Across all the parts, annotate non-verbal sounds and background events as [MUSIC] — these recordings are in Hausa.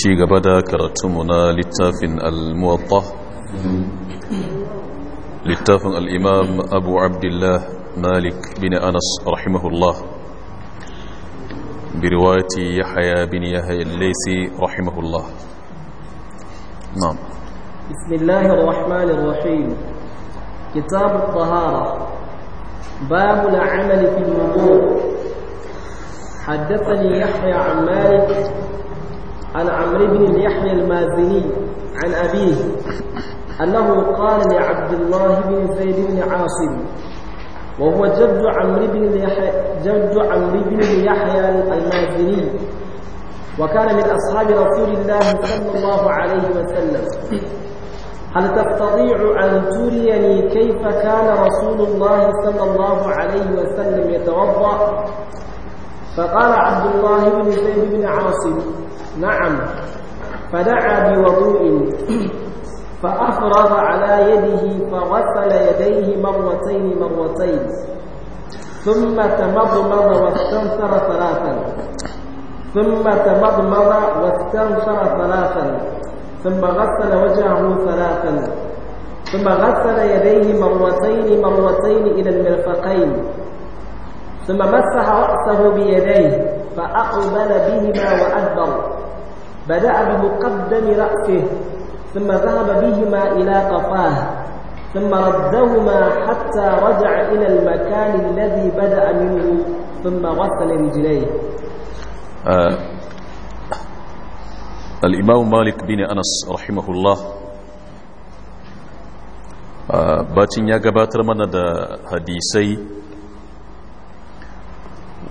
ci gaba da karatunmu na littafin al-muwatta littafin al-imam abu abdullah malik bin anas rahimahullah bi riwayati yahya bin yahya al-laysi rahimahullah na'am bismillahir rahmanir rahim kitab at-tahara باب العمل في الوضوء حدثني يحيى عن مالك عن عمرو بن يحيى المازني عن أبيه أنه قال لعبد الله بن زيد بن عاصم وهو جد عمرو بن يحيى جد عمرو بن يحيى المازني وكان من أصحاب رسول الله صلى الله عليه وسلم هل تستطيع أن تريني كيف كان رسول الله صلى الله عليه وسلم يتوضأ فقال عبد الله بن زيد بن عاصم نعم فدعا بوضوء فأفرغ على يده فغسل يديه مرتين مرتين ثم تمضمض واستنثر ثلاثا ثم تمضمض واستنثر ثلاثا ثم غسل وجهه ثلاثا ثم غسل يديه مرتين مرتين إلى المرفقين ثم مسح رأسه بيديه فأقبل بهما وأدبر بدأ بمقدم رأسه ثم ذهب بهما إلى قفاه ثم ردهما حتى رجع إلى المكان الذي بدأ منه ثم غسل رجليه آه، الإمام مالك بن أنس رحمه الله آه. باتن يا قباتر من دا حديثي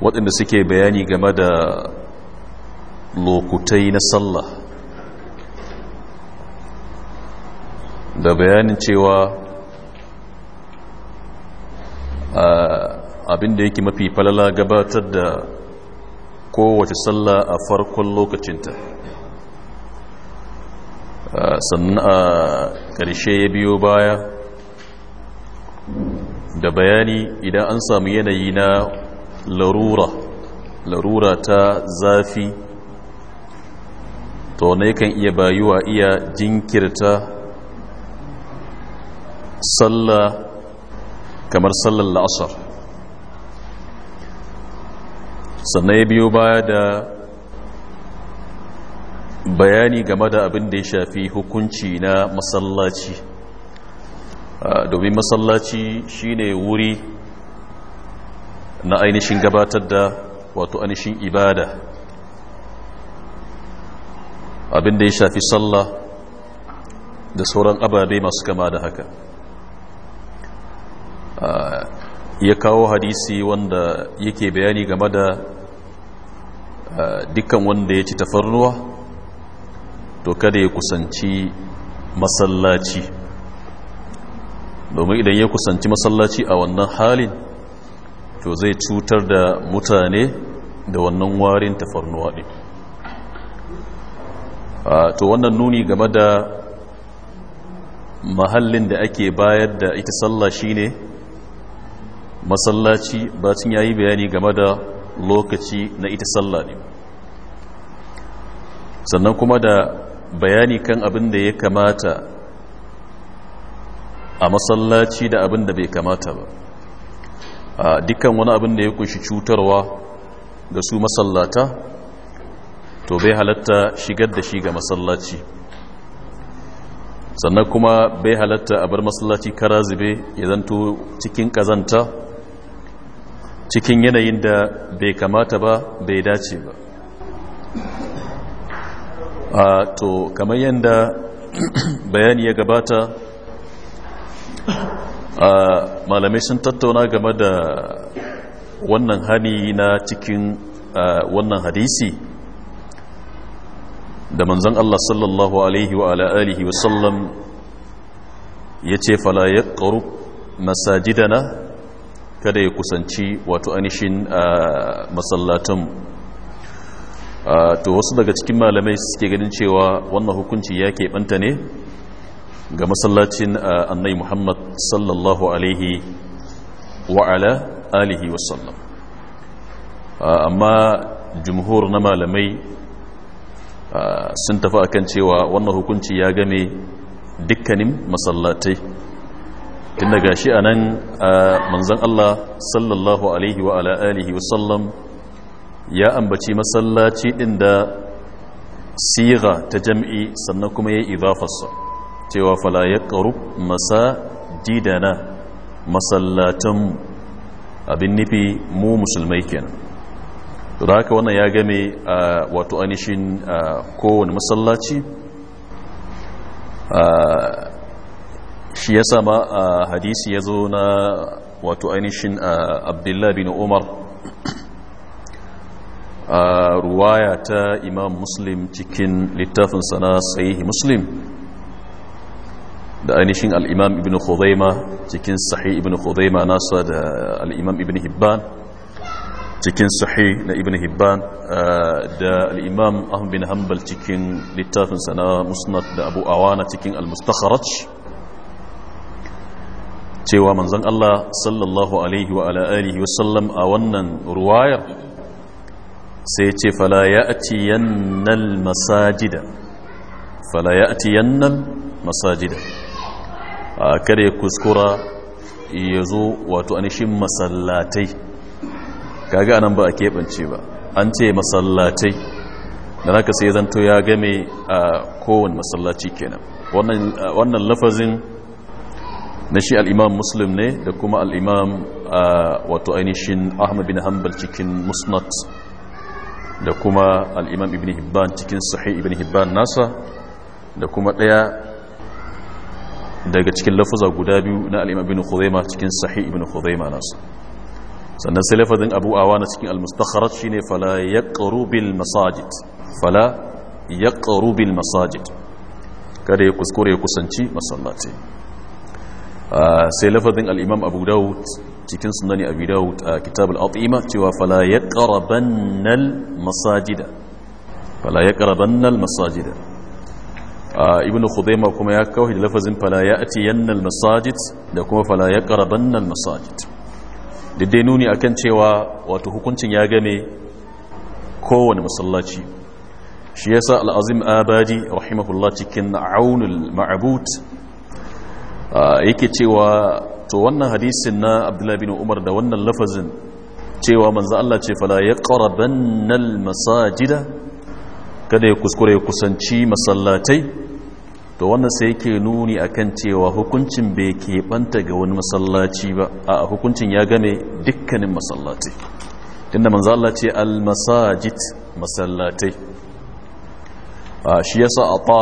waɗanda suke bayani game da lokutai na sallah da bayanin cewa abinda yake mafi falala gabatar da kowace sallah a farkon lokacinta sannan a ƙarshe ya biyo baya da bayani idan an samu yanayi na larura larura ta zafi to ne kan iya bayuwa iya jinkirta sallah kamar sallar la'asar sannan ya biyo baya da bayani game da abin da ya shafi hukunci na masallaci ah, domin masallaci shine wuri na ainihin gabatar da wato ainihin ibada abin da ya shafi sallah da sauran ababe masu kama da haka ah, ya kawo hadisi wanda yake bayani game da ah, dukkan wanda ya ci tafarnuwa to kada ya kusanci masallaci domin idan ya kusanci masallaci a wannan halin to zai cutar da mutane da wannan warin tafarnuwa ɗin to wannan nuni game da mahallin da ake bayar da ita sallah shine masallaci bacin yayi bayani game da lokaci na ita sallah ne sannan kuma da bayani kan abin da ya kamata a masallaci da abin da bai kamata ba dukkan wani abin da ya kunshi cutarwa ga su masallata to bai halatta shigar da shi ga masallaci sannan kuma bai halatta a bar masallaci kara zube ya zanto cikin kazanta cikin yanayin da bai kamata ba bai dace ba a to kamar yadda [CLEARS THROAT] bayani ya gabata malamai sun tattauna game da wannan hani na cikin wannan hadisi da manzon Allah sallallahu alaihi wa’ala’alihi alihi wa sallam ce fala ƙaru masajidana kada ya kusanci wato anishin Masallatun. to wasu daga cikin malamai suke ganin cewa wannan hukunci ya keɓanta ne ga masallacin eh, annai muhammad sallallahu alaihi wa'ala alihi wasallam eh, amma jumhur na malamai eh, sun tafi akan cewa wannan hukunci ya game dukkanin masallatai tun daga shi a nan manzan Allah sallallahu alaihi wa alihi wasallam ya ambaci masallaci inda da siga ta jam'i sannan kuma ya yi idafarsa cewa fala ya ƙarub na masallatan abin nufi mu musulmai kenan to da haka wannan ya game a wato ainihin kowane masallaci shi ya sama a hadisi ya zo na wato ainihin abdullahi bin umar a ruwaya ta imam muslim cikin littafinsa na sahihi muslim da ainihin al'imam ibn Khuzaima cikin sahi ibn Khuzaima nasa da al'imam ibn Hibban cikin sahi na ibn Hibban da al'imam Ahmad bin Hanbal cikin littafinsa na Musnad da Abu Awana cikin al-Mustakharaj cewa manzon Allah sallallahu alaihi wa ala alihi wa sallam a wannan ruwayar sai ce fala ya'ti yannal masajida fala ya'ti yannal masajida kada ya kuskura ya zo wato anishin masallatai kaga anan ba a keɓance ba an ce masallatai da naka sai zanto ya game a kowane masallaci kenan wannan lafazin na shi al'imam muslim ne da kuma al'imam wato ainihin ahmad bin hambal cikin musnad da kuma al'imam ibn hibban cikin sahi ibn hibban nasa da kuma ɗaya daga cikin lafuza guda biyu na al'imam bin khuzaima cikin sahih ibn khuzaima nasu sannan sai lafazin abu na cikin al-mustakharat shine fala yaqru bil masajid fala yaqru bil masajid kada ya kuskure ya kusanci masallaci ah, sai lafazin alimam imam abu dawud cikin sunani abu dawud a ah, kitab al cewa fala ya al-masajida fala ya al-masajida ibn khudaima kuma ya kawo da lafazin fala ya ati yannal masajid da kuma fala ya qarabannal masajid diddai nuni akan cewa wato hukuncin ya game kowane masallaci shi yasa al-azim abadi rahimahullah cikin aunul ma'bud yake cewa to wannan hadisin na abdullahi bin umar da wannan lafazin cewa manzo Allah ce fala ya qarabannal masajida kada ya kuskure ya kusanci masallatai to wannan sai yake nuni akan cewa hukuncin bai keɓanta ga wani masallaci ba a hukuncin ya game dukkanin masallatai inda manzo Allah ce al-masajid masallatai shi yasa ata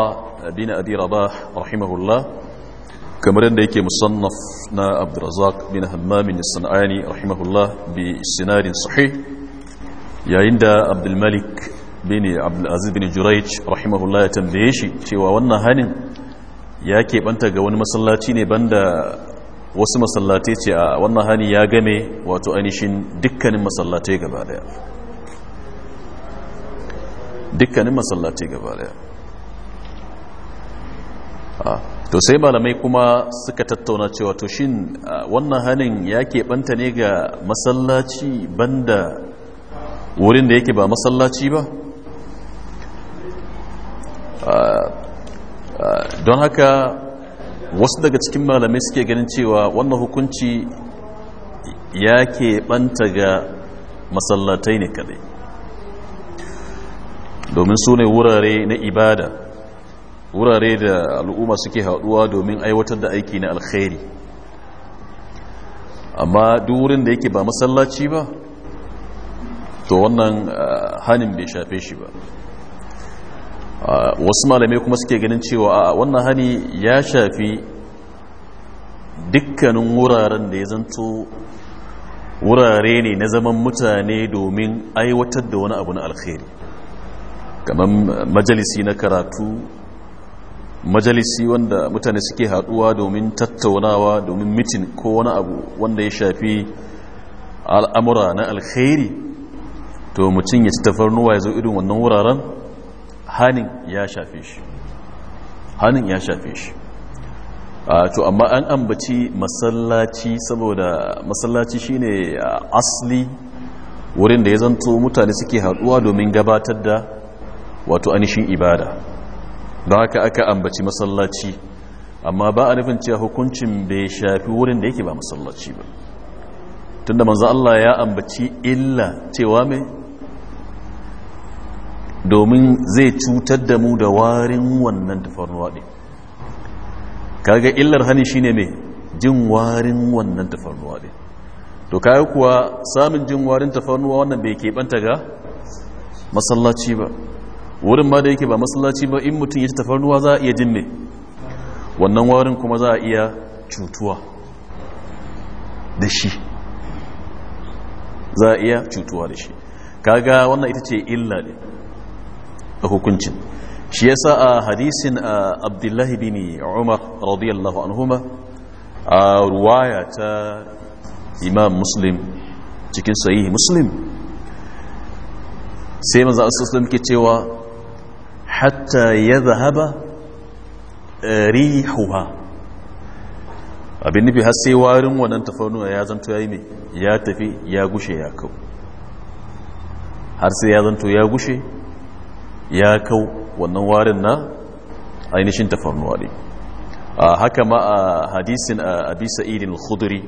bin abi rabah rahimahullah kamar yadda yake musannaf na abdurrazzaq bin hammam bin sanani rahimahullah bi sinadin sahih yayin da abdul malik bin abdulaziz bin juraic rahimahullah ya tambaye shi cewa wannan hanin ya keɓanta ga wani masallaci ne banda wasu masallatai ce a wannan hani ya game wato ainihin dukkanin masallatai gaba daya dukkanin masallatai gaba daya to sai malamai kuma suka tattauna cewa to shin wannan hanin ya keɓanta ne ga masallaci banda wurin da yake ba masallaci ba Uh, uh, don haka wasu daga cikin malamai suke ganin cewa wannan hukunci ya ke banta ga masallatai ne kadai domin su ne wurare na ibada wurare da al'umma suke haɗuwa domin aiwatar da aiki na alkhairi amma duk wurin da yake ba masallaci ba to wannan uh, hannun bai shafe shi ba Ah, wasu malamai kuma suke ganin cewa a wannan hali ya shafi dukkanin wuraren da ya zanto wurare ne na zaman mutane domin aiwatar da wani abu na alkhairi kamar majalisi na karatu majalisi wanda mutane suke haduwa domin tattaunawa domin mitin ko wani abu wanda ya shafi al'amura na alkhairi to mutum ya ci tafarnuwa ya zo irin wannan wuraren hanin ya shafe shi hanin ya shafe shi to amma an ambaci masallaci saboda masallaci shine asli wurin da ya zanto mutane suke haduwa domin gabatar da wato anishin ibada da haka aka ambaci masallaci amma ba a nufin cewa hukuncin bai shafi wurin da yake ba masallaci ba tunda manzo Allah ya ambaci illa cewa mai domin zai cutar da mu da warin wannan tafarnuwa ɗin kaga illar shi shine mai jin warin wannan tafarnuwa ɗin to kayi kuwa samun jin warin tafarnuwa wannan bai keɓanta ga masallaci ba wurin ma da yake ba masallaci ba in mutum ya ci tafarnuwa za a iya jin mai wannan warin kuma za a iya cutuwa da shi za a iya cutuwa da shi kaga wannan ita ce illa ne hukuncin shi yasa a hadisin abdullahi bin umar radiyallahu anhuma a ruwaya ta imam muslim cikin sahihi muslim sai manzo sallallahu ke cewa hatta zahaba e, rihuha abin nufi har sai warin wannan tafarnuwa ya zanto yayi me ya tafi ya gushe ya kau har sai ya zanto ya gushe ya kau wannan warin na ainihin tafarnuwa ne haka ma a hadisin abi sa'idin al-khudri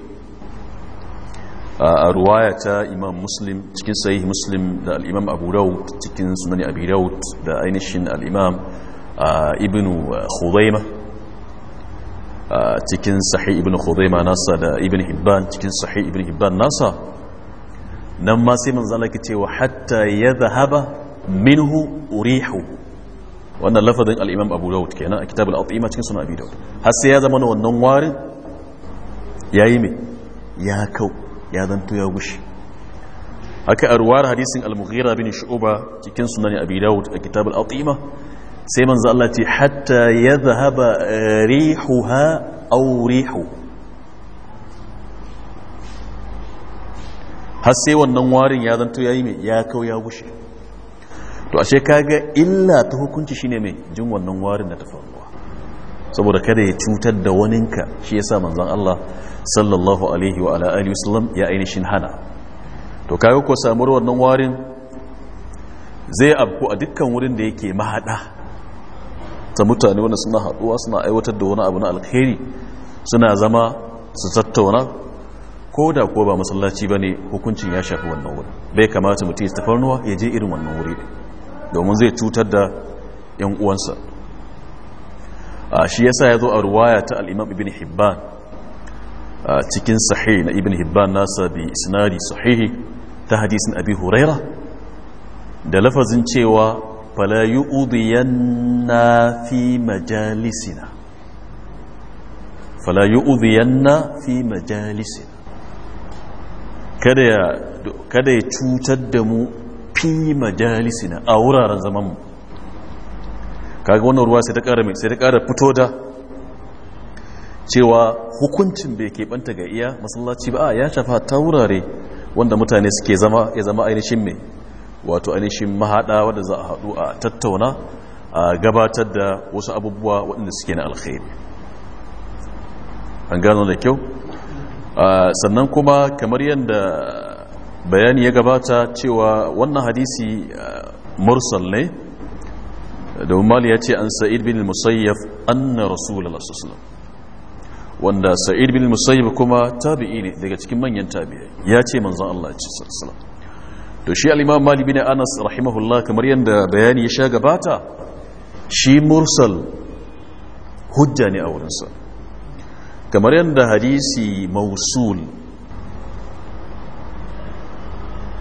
a ruwaya ta imam muslim cikin sahih muslim da al-imam abu daud cikin sunan abi daud da ainihin alimam imam ibnu khudaima cikin sahih ibnu khudaima nasa da ibn hibban cikin sahih ibn hibban nasa nan ma sai mun zalaka cewa hatta ya zahaba منه أريحه وانا اللفظ الإمام أبو داود كان كتاب الأطئمة كان سنة أبي داود هل سيادة من النوار يا إيمي يا كو يا دنت يا وش هكا أروار حديث المغيرة بن شعوبة كان سنة أبي داود كتاب الأطئمة سيمن زالتي حتى يذهب ريحها أو ريحه هل سيوى النوار يا دنت يا إيمي يا كو يا وش to ashe ka ga illa ta hukunci shine mai jin wannan warin da ta faruwa saboda kada ya cutar da waninka shi ya sa manzan Allah sallallahu alaihi wa ala alihi wasallam ya ainihin hana to kaga ko samuwar wannan warin zai abku a dukkan wurin da yake mahaɗa ta mutane wanda suna haɗuwa, suna aiwatar da wani abu na alkhairi suna zama su tattauna ko da ko ba masallaci ba ne hukuncin ya shafi wannan wuri bai kamata mutum ya tafarnuwa ya je irin wannan wuri domin zai cutar da 'yan uwansa shi yasa ya zo a ruwaya ta al'imam ibn hibban cikin sahihi na ibn hibban nasa bi sinari sahihi ta hadisin abi huraira da lafazin cewa fala yu'udhiyanna fi majalisina fala yu'udhiyanna fi majalisina kada ya cutar da mu fi majalisina a wuraren zamanmu kaga wannan ruwa sai ta ƙara mai sai ta ƙara fito da cewa hukuncin bai keɓanta ga iya masallaci ba ya shafa ta wurare wanda mutane suke zama ya zama ainihin mai wato ainihin mahaɗa wadda za a haɗu a tattauna a gabatar da wasu abubuwa waɗanda suke na alkhairi an gano da kyau sannan kuma kamar yadda bayani ya gabata cewa wannan hadisi uh, mursal ne domin mali ya ce an sa'id bin musayyaf anna rasulullah sallallahu wanda sa'id bin musayyaf kuma tabi'i ne daga cikin manyan tabi'ai ya ce manzon Allah ya ce sallallahu to shi al-imam mali bin anas rahimahullah kamar yanda bayani ya sha gabata shi mursal hujja ne a wurinsa kamar yanda hadisi mausul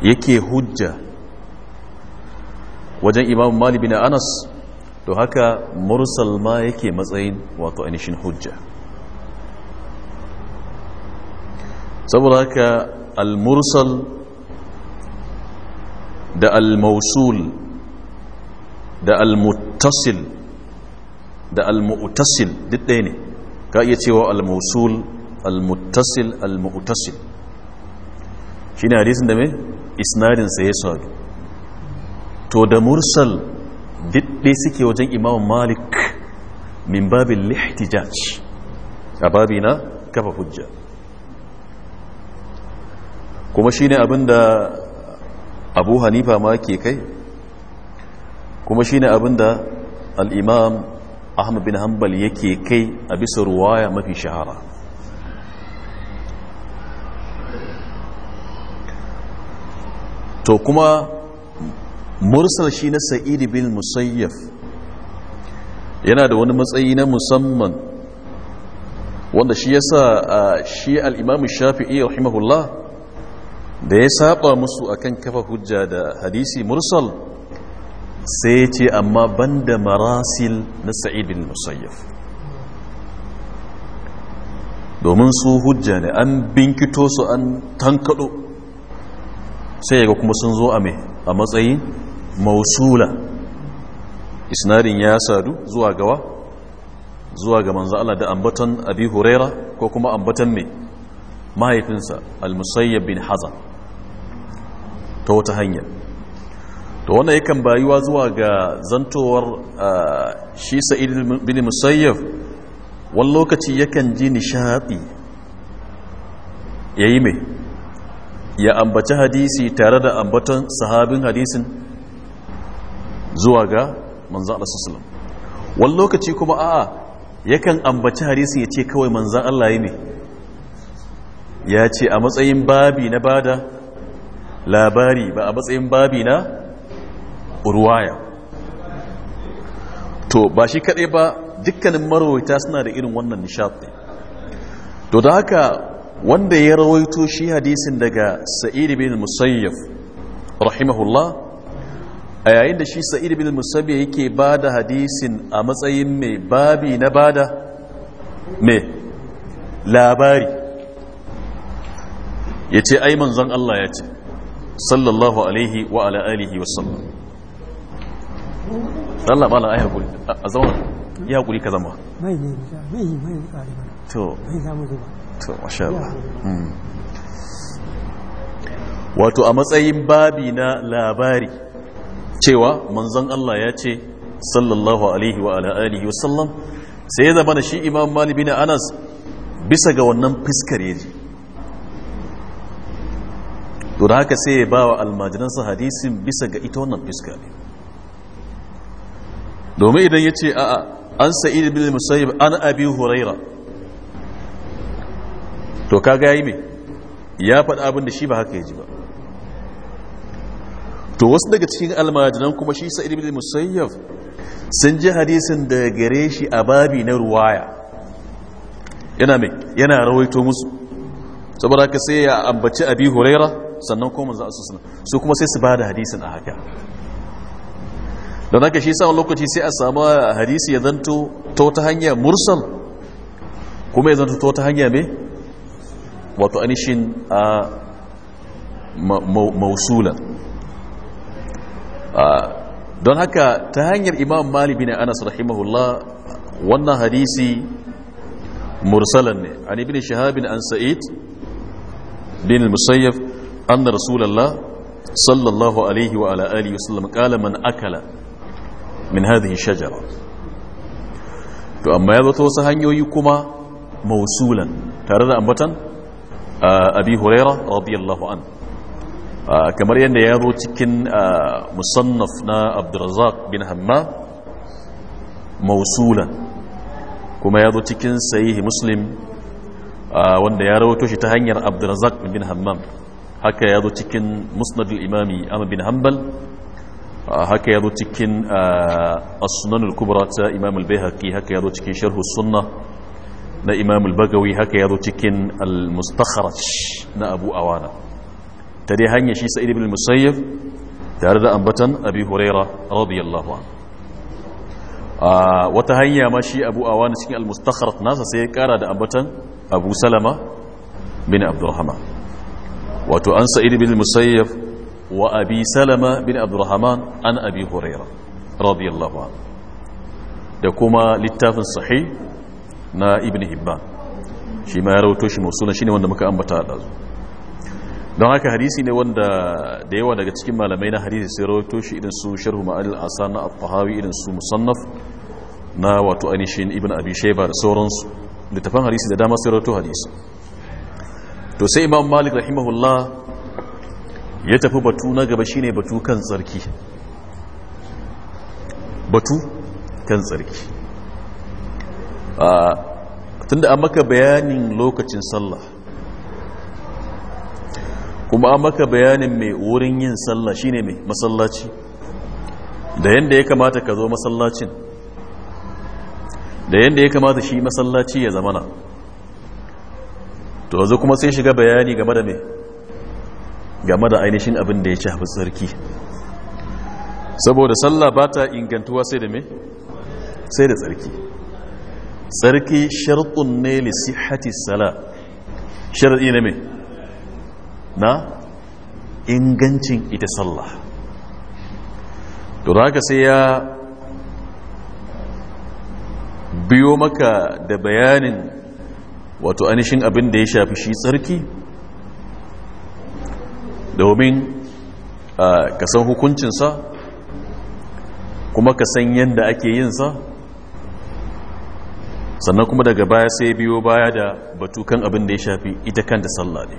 yake hujja wajen imam mali bin anas to haka mursal ma yake matsayin wato ainihin hujja saboda haka al-mursal da al-mausul da al-muttasil da al-mu'tasil duk ɗaya ne ka iya cewa al-mausul al-muttasil al-mu'tasil shine hadisin da me isnadinsa ya sadu to da mursal didde suke wajen imam malik min babin lihtijaj a babina kafa hujja kuma shi ne abinda abu hanifa ma ke kai kuma shi ne abinda al'imam ahmad bin hanbal yake kai a bisa ruwaya mafi shahara to kuma mursal shi na sa'id bin musayyaf yana da wani matsayi na musamman wanda shi yasa shi al shafi'i rahimahullah da ya saba musu akan kafa hujja da hadisi mursal sai ce amma banda marasil na sa'id musayyaf domin su hujja ne an binkito su an tankado sai ga kuma sun zo a mai a matsayi mausula isnadin ya sadu zuwa gawa zuwa ga manzo Allah da ambaton abi huraira ko kuma ambaton mai mahaifinsa al-musayyab bin hazan ta wata hanya to wannan yakan bayuwa zuwa ga zantowar shi sa'id bin musayyab wani lokaci yakan ji nishaɗi yayi mai ya ambaci hadisi tare da ambaton sahabin hadisin zuwa ga manzan Allah wani lokaci kuma a'a yakan ambaci hadisin ya ce kawai manzan Allah yi ne ya ce a matsayin babi na bada labari ba a matsayin babi na ruwaya to ba shi kaɗai ba dukkanin marowita suna da irin wannan nishaɗi to da haka wanda ya rawaito shi hadisin daga sa'id bin musayyaf rahimahullah a yayin da shi sa'id bin musayyaf yake bada hadisin a matsayin mai babi na bada mai labari ya ce ai zan Allah ya ce sallallahu alaihi wa ala alihi wa sallam Allah ba a ya ka zama mai ne mai mai to mai zamu zuba to masha Allah hmm. wato a matsayin babi na labari cewa manzon Allah ya ce sallallahu alaihi wa ala alihi wasallam sai ya zama da shi imam malibi na anas bisa ga wannan fiskar ji to da haka sai ya ba wa almajiransa hadisin bisa ga ita wannan fiskare. ne domin idan ya ce a'a an sa'id bin musayyib an abi huraira to kaga yayi me ya faɗi abinda shi ba haka ya ji ba to wasu daga cikin almajinan kuma shi sa ilimin musayyaf sun ji hadisin da gare shi a babi na ruwaya yana mai yana rawaito musu saboda haka sai ya ambaci abi huraira sannan kuma za asusuna su kuma sai su ba da hadisin a haka don haka shi sa lokaci sai a samu hadisi ya zanto ta wata hanya mursal kuma ya zanto ta wata hanya mai wato anishin a mausula don haka ta hanyar imam malibi bin anas rahimahullah wannan hadisi mursalan ne an ibn shahabin an sa'id bin musayyaf anna rasulallah sallallahu alaihi wa ala wasallam qala man akala min hadhihi shajara to amma ya zo ta wasu hanyoyi kuma mausulan tare da ambatan abi huraira radiyallahu an kamar yadda ya zo cikin musannaf na abdurazak bin hamma mausulan kuma ya zo cikin sahihi muslim wanda ya rawato shi ta hanyar abdurazak bin hammam haka ya zo cikin musnad imami amma bin hanbal haka ya zo cikin as-sunan al-kubra ta imam al-baihaqi haka ya zo cikin sharh sunna na imam al-bagawi haka ya cikin al-mustakhraj na abu awana ta hanya shi sa'id ibn al-musayyib tare da ambatan abi huraira radiyallahu anhu wata hanya ma shi abu awana cikin al-mustakhraj nasa sai ya kara da ambatan abu salama bin abdurrahman wato an sa'id ibn al-musayyib wa abi salama bin abdurrahman an abi huraira radiyallahu anhu da kuma littafin sahih na ibn hibban shi ma ya rauto shi mausula shine wanda muka ambata a ɗazu don haka hadisi ne wanda da yawa daga cikin malamai na hadisi sai rauto shi irin su sharhu ma'adil asa na al irin su musannaf na wato ainihin ibn abi shaiba da sauransu littafan hadisi da dama sai rauto hadisi to sai imam malik rahimahullah ya tafi batu na gaba shine batu kan tsarki batu kan tsarki tunda a maka bayanin lokacin sallah kuma a maka bayanin mai wurin yin sallah shine mai masallaci da yadda ya kamata ka zo masallacin da yadda ya kamata shi masallaci ya zamana to zo kuma sai shiga bayani game da mai game da ainihin abin da ya ci hafi tsarki saboda sallah ba ta ingantuwa sai da mai sai da tsarki sarki shartun ne li Hati, sala sharadi ne na ingancin ita sallah to ka sai ya biyo maka da bayanin wato anishin abin da ya shafi shi tsarki domin ah, ka san hukuncinsa kuma ka san yadda ake yinsa sannan kuma daga baya sai biyo baya da batu kan abin da ya shafi ita da sallah ne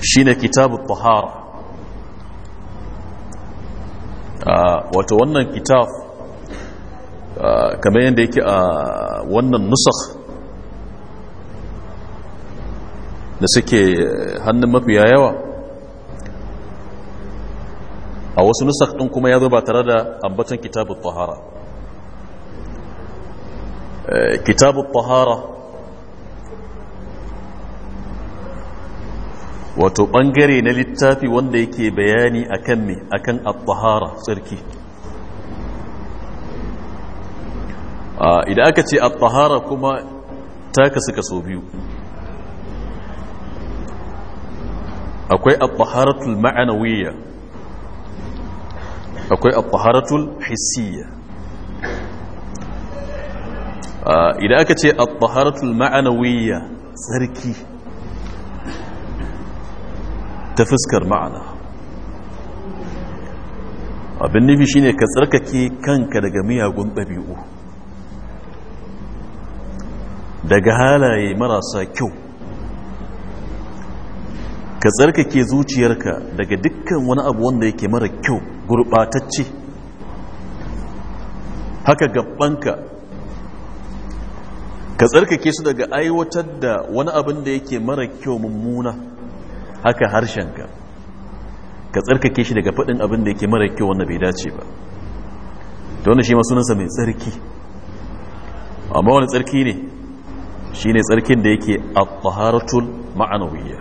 shi ne kitabu tahara wato wannan kitab kamar yadda yake a wannan nusakh da suke hannun mafiya yawa a wasu nusakh ɗin kuma ya zo ba tare da ambatan kitabu tahara كتاب الطهارة wato ɓangare na littafi wanda yake bayani akan me akan at-tahara idan aka ce at kuma ta kasu kaso biyu akwai akwai idan aka ce a taharatul ma'anawiyya tsarki ta fuskar ma'ana abin nufi shine ka tsarkake kanka daga miyagun ɗabi'u daga halaye marasa kyau ka tsarkake zuciyarka daga dukkan wani abu wanda yake mara kyau gurɓatacce haka gabbanka ka tsarkake su daga aiwatar da wani abin da yake mara kyau mummuna haka harshenka ka tsarkake shi daga faɗin abin da yake mara kyau wanda bai dace ba ta wani shi masunansa mai tsarki amma wani tsarki ne shi ne tsarkin da yake a ma'anawiyya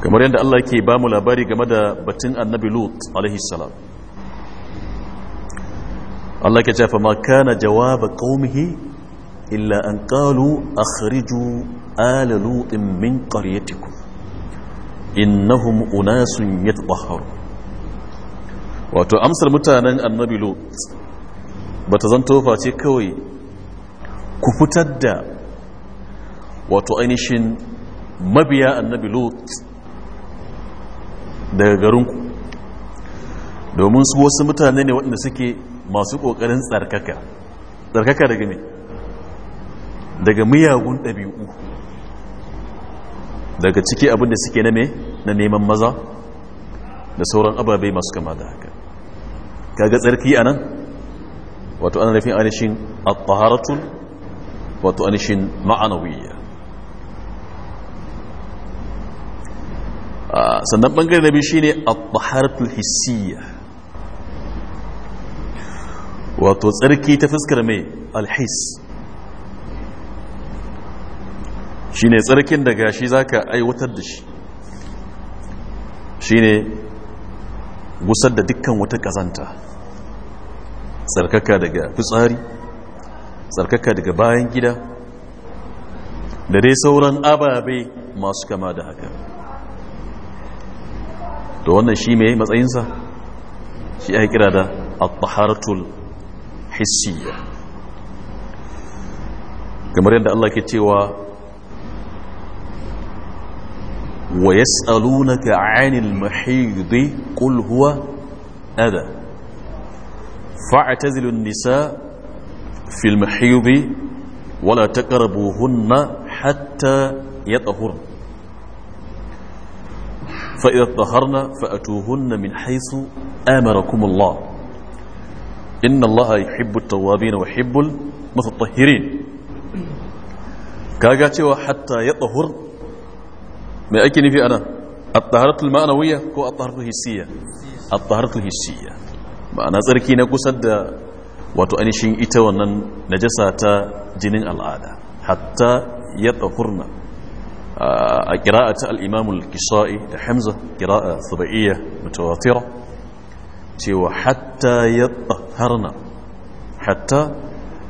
kamar yadda Allah ke ba mu labari game da batun annabi lut alaihi salam Allah ke ce fama kana jawaba qaumihi illa an qalu akhriju ala lutin min qaryatikum innahum unasun yatahharu wato amsar mutanen annabi lut bata zanto face kawai ku fitar da wato ainihin mabiya annabi lut daga garinku domin su wasu mutane ne waɗanda suke masu ƙoƙarin tsarkaka tsarkaka daga me daga miyagun ɗabi'u daga ciki abin suke na me na neman maza da sauran ababai masu kama da haka kaga tsarki a nan wato ana nufin anishin al-taharatul wato anishin ma'anawiyya ah, sannan bangare na biyu shine al-taharatul hissiyya wato tsarki ta fuskar mai alhis shi ne tsarkin da gashi za ka aiwatar da shi shi ne gusar da dukkan wata kazanta tsarkaka daga fitsari tsarkaka daga bayan gida da dai sauran ababe masu kama da haka to wannan shi mai matsayinsa shi ya kira da al-taharatul hissiya kamar yadda Allah ke cewa wa yas'alunaka 'anil mahid qul huwa adha fa'tazilu an-nisa fil wa la taqrabuhunna hatta yatahurna فإذا اطهرن فأتوهن min haythu amarakum Allah إن الله يحب التوابين ويحب المتطهرين كاجاتي وحتى يطهر ما أكني في أنا الطهارة المعنوية كو الطهارة الهسية الطهارة الهسية ما أنا زركي نكو سد واتو أنيشين إتوانا نجسة جنين العادة حتى يطهرنا آه، قراءة الإمام الكسائي حمزة قراءة ثبائية متواترة تيو حتى يطهرنا حتى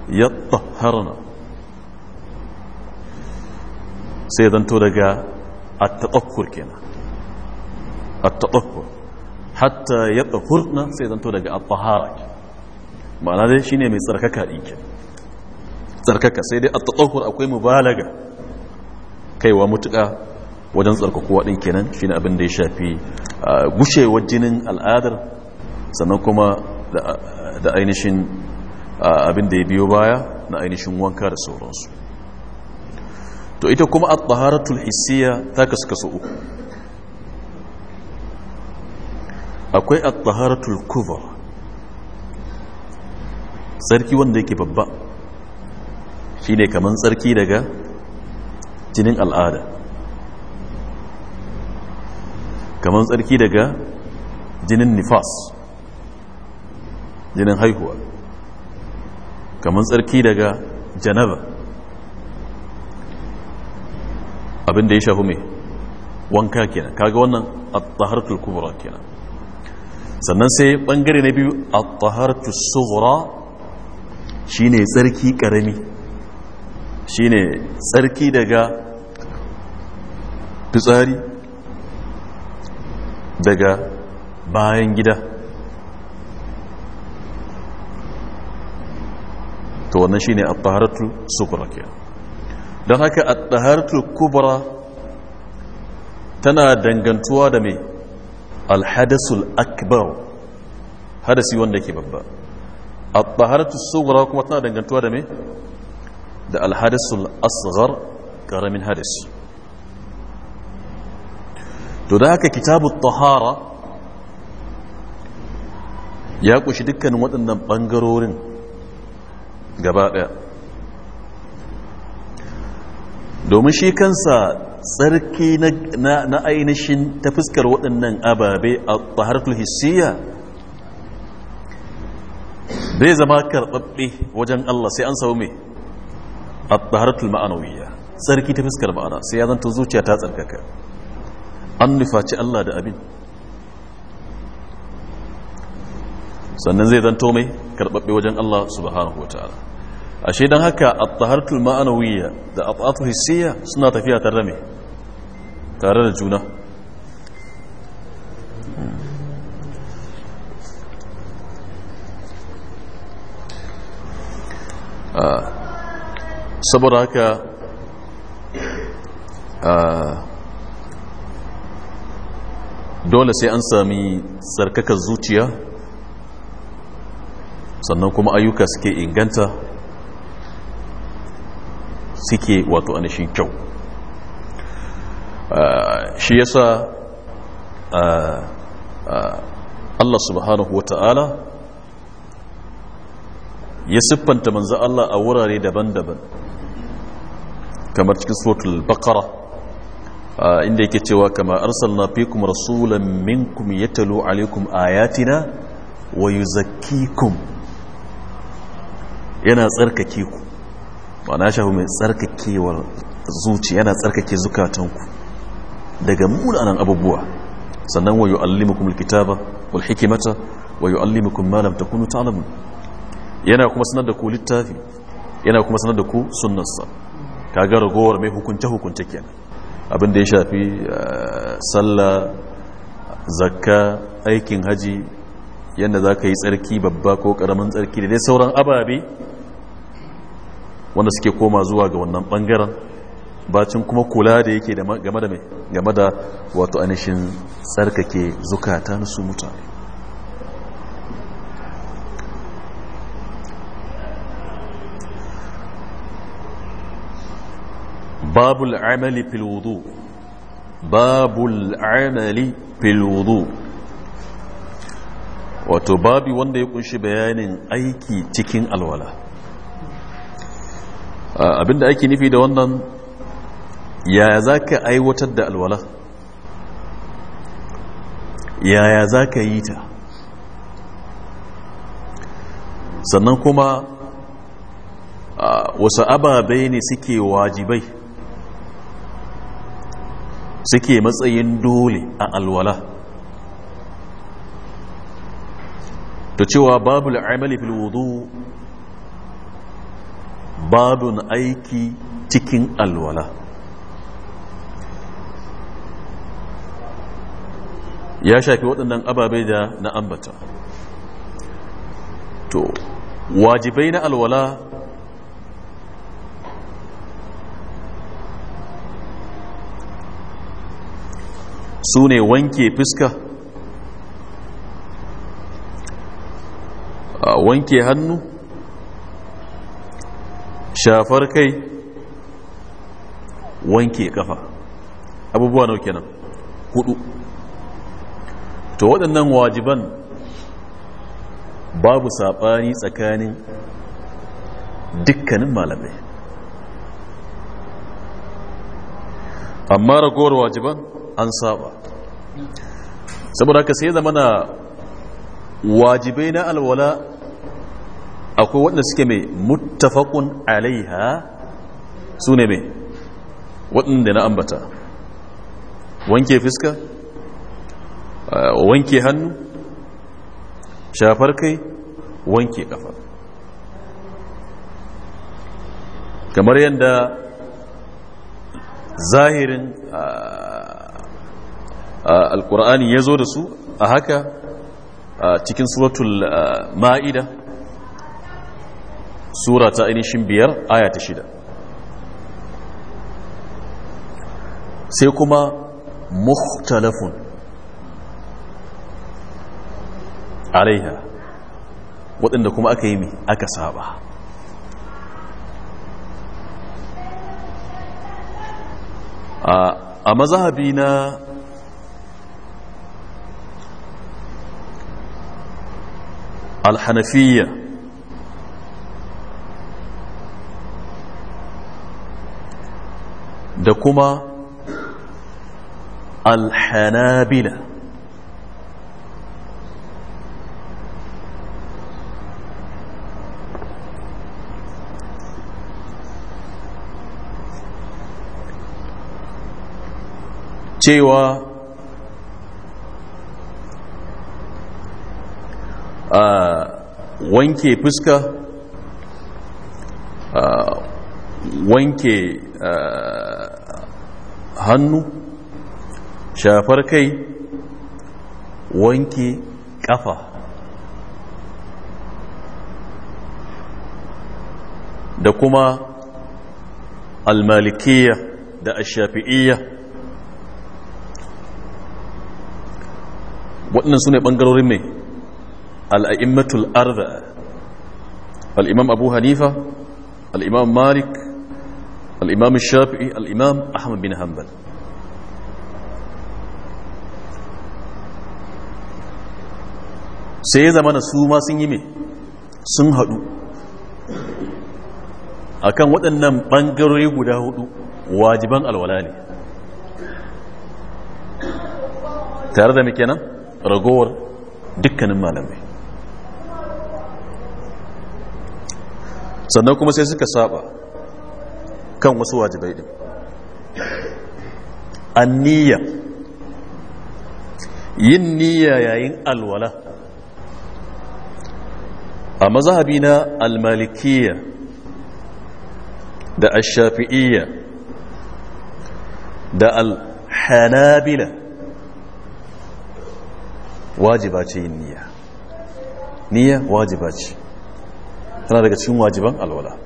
يطهرنا سيدن تودغا التطهر كينا التطهر حتى يطهرنا سيدن تودغا الطهارة ما أنا ذي شيني من سرككا إيكا سرككا سيدي التطهر أقوي مبالغة كي ومتقى wajen tsarkakuwa din kenan shine abin da ya shafi gushe wa jinin al'adar sannan kuma da ainihin abin da ya biyo baya na ainihin wanka da sauransu to ita kuma a taharatul hissiya ta kaskasa uku akwai a taharatul kubar tsarki wanda yake babba shi ne kamar tsarki daga jinin al'ada kamar tsarki daga jinin nifas jinin haihuwa kamar tsarki daga janaba abin da ya shafi mai wanka kenan kaga wannan a taharatul kubra kenan sannan sai bangare na biyu a at-taharatus shi ne tsarki karami ne tsarki daga fitsari daga bayan gida to wannan shine at-taharatu sukura ke don haka at-taharatu kubra tana dangantuwa da me al-hadasul akbar hadasi wanda yake babba at-taharatu sukura kuma tana dangantuwa da me da al-hadasul asghar karamin hadasi to da haka kitabu tahara ya kushi dukkanin waɗannan ɓangarorin gaba ɗaya domin shi kansa tsarki na ainihin ta fuskar waɗannan ababe a taharatul hissiya bai zama karɓaɓɓe wajen Allah sai an samu mai a taharatul ma'anawiyya tsarki ta fuskar ma'ana sai ya zanta zuciya ta tsarkaka an nufaci Allah da abin sannan zai zanto mai karɓaɓɓe wajen Allah subhanahu wa ta'ala ashe don haka a tahartul ma'anawiyya da a ta'atu hissiyya suna tafiya tare mai tare da juna ah, saboda haka ah, dole sai an sami tsarkakar zuciya sannan kuma ayyuka suke inganta suke wato anashin kyau ah, shi yasa ah, ah, Allah subhanahu wata'ala ya siffanta manzo Allah a wurare daban-daban kamar cikin suratul baqara inda yake cewa kama arsalna fikum rasulan minkum yatalu alaikum ayatina wa yuzakkikum yana tsarkake ku na shahu mai tsarkakewar zuci yana tsarkake zukatanku daga munanan abubuwa sannan wa yu'allimukum alkitaba wal hikmata wayo yu'allimukum ma lam takunu ta'lamun yana kuma sanar da ku littafi yana kuma sanar da ku sunnarsa kaga ragowar mai hukunce hukunce kenan abin da ya shafi eh, sallah zakka aikin haji yadda za ka yi tsarki babba ko karamin tsarki da dai sauran ababe wanda suke koma zuwa ga wannan bangaren bacin kuma kula da yake game da mai game da wato anishin tsarkake zukata na su mutane babul amali filwudu babul amali filwudu wato babi wanda ya kunshi bayanin aiki cikin alwala Ah, abinda ake nufi da wannan yaya za ka aiwatar da alwala yaya za ka yi ta sannan kuma ah, wasu ababai ne suke wajibai suke matsayin dole a alwala ta cewa babu al'amali fil wudu babun aiki cikin alwala ya shafi waɗannan ababai da na ambata to wajibai na alwala su ne wanke fuska wanke hannu shafar kai wanke kafa abubuwa nau kenan hudu to waɗannan wajiban babu saɓani tsakanin dukkanin malamai amma ragowar wajiban an saba saboda haka sai zama na wajibai na alwala akwai waɗanda suke mai muttafaƙun alaiha su ne mai waɗanda na ambata wanke fiska uh, wanke hannu shafar kai wanke kafa kamar yadda zahirin uh, uh, Alƙur'ani ya zo da su a haka cikin suratul ma'ida sura ta ainihin biyar aya ta shida sai kuma muhtalafun alaiha waɗanda kuma aka yi mai aka saba a mazahabi na alhanafiyya da kuma alhanabila cewa a wanke fuska wanke Eh, hannu shafar kai wanke kafa da kuma almalikiyya da ashafi'iyya waɗannan su ne ɓangarorin mai al'a'immatul arda al'imam abu hanifa al'imam malik الإمام الشافعي الإمام أحمد بن حنبل sai ya zama na su ma sun yi mai sun haɗu a kan waɗannan ɓangarori guda hudu wajiban alwala ne tare da muke nan ragowar dukkanin malamai sannan kuma sai suka saba kan wasu wajibai din niyya. yin niyya yayin alwala a mazhabi na almalikiyya da ashafi'iyya da alhanabila wajiba ce yin niyya niyya wajiba ce tana daga cikin wajiban alwala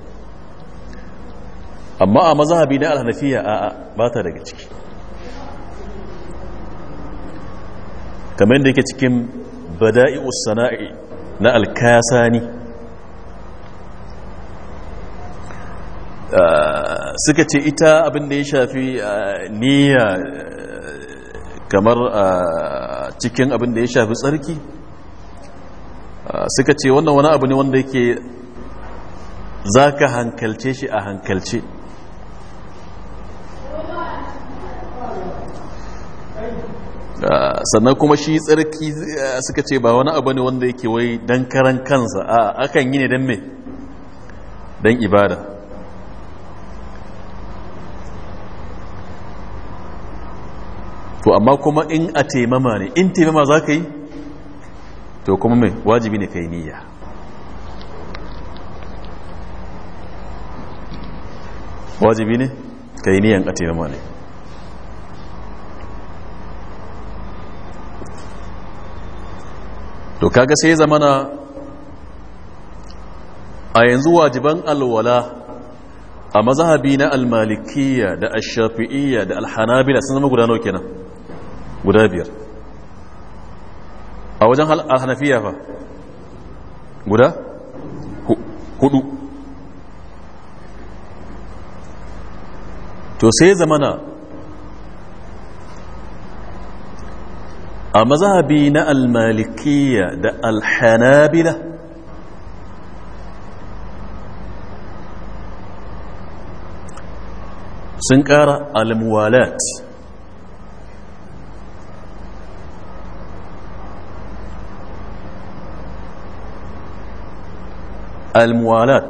amma a mazahabi na alhanafiya a'a ba ta daga ciki kamar yadda yake cikin bada'i sana'i na alkasani ah, suka ce ita abin da ya shafi ah, niyya eh, kamar ah, cikin abin da ya shafi tsarki suka ce wannan wani abu ne wanda yake za ka hankalce shi a hankalce Ah, sannan kuma shi tsarki ah, suka ce ba wani abu ne wanda yake wai dan karan kansa a ah, akan yi ne dan me dan ibada to amma kuma in a taimama ne in taimama za ka yi to kuma mai wajibi ne ka yi niyya wajibi ne ka yi niyan a taimama ne to kaga sai na a yanzu wajiban alwala a mazahabi na Almalikiya da ashafi'iyya da alhanabila sun zama guda nawa kenan guda biyar a wajen alhanafiya fa guda hudu to sai na a mazhabi na almalikiya da alhanabila sun ƙara almuwalat almuwalat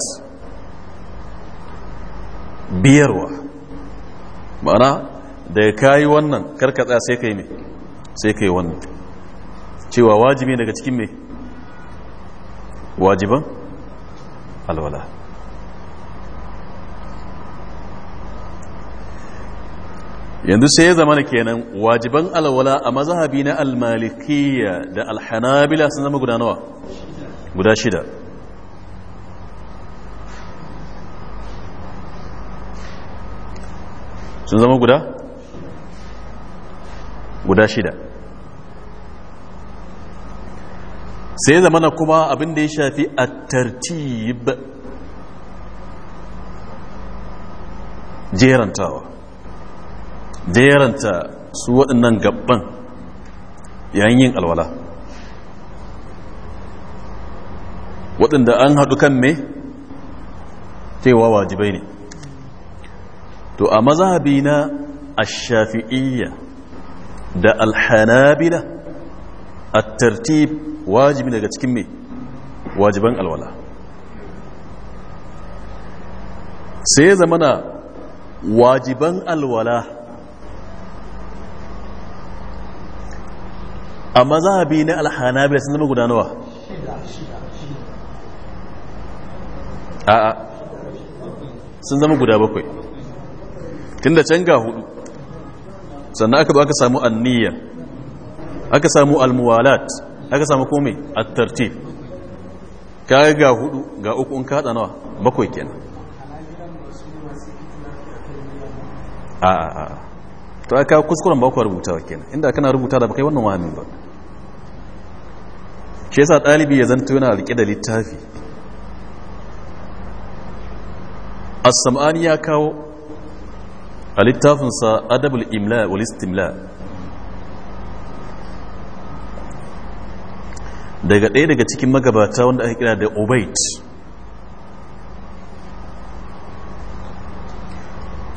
biyarwa mana da ya kayi wannan karkatsa sai kai mai sai yi wannan cewa wajibi daga cikin me wajiban alwala yanzu sai ya zama kenan wajiban alwala a mazahabi na almalikiya da alhanabila sun zama guda nawa guda shida sun zama guda guda shida sai mana kuma abin da ya shafi a tartib jerantawa jeranta su waɗannan gabban yayin yin alwala waɗanda an haɗu kan me cewa wajibai ne to a mazhabi na ashafi'iyya da alhanabila A tartib wajibi daga cikin me wajiban alwala sai ya zamana wajiban alwala a mazhabi na alhanabila sun zama guda nawa a'a sun zama guda bakwai tun da can ga hudu sannan aka zo aka samu niyyar. aka samu almuwalat aka samu kome a tartib kayan ga hudu ga uku in kaɗa nawa bakwai kenan a a a to aka kuskuren bakwai rubuta wa kenan inda kana rubuta da bakai wannan wahamin ba Ke sa ɗalibi ya zanto yana riƙe da littafi A samani ya kawo a littafinsa adabul imla wal istimla daga ɗaya daga cikin magabata wanda aka kira da obait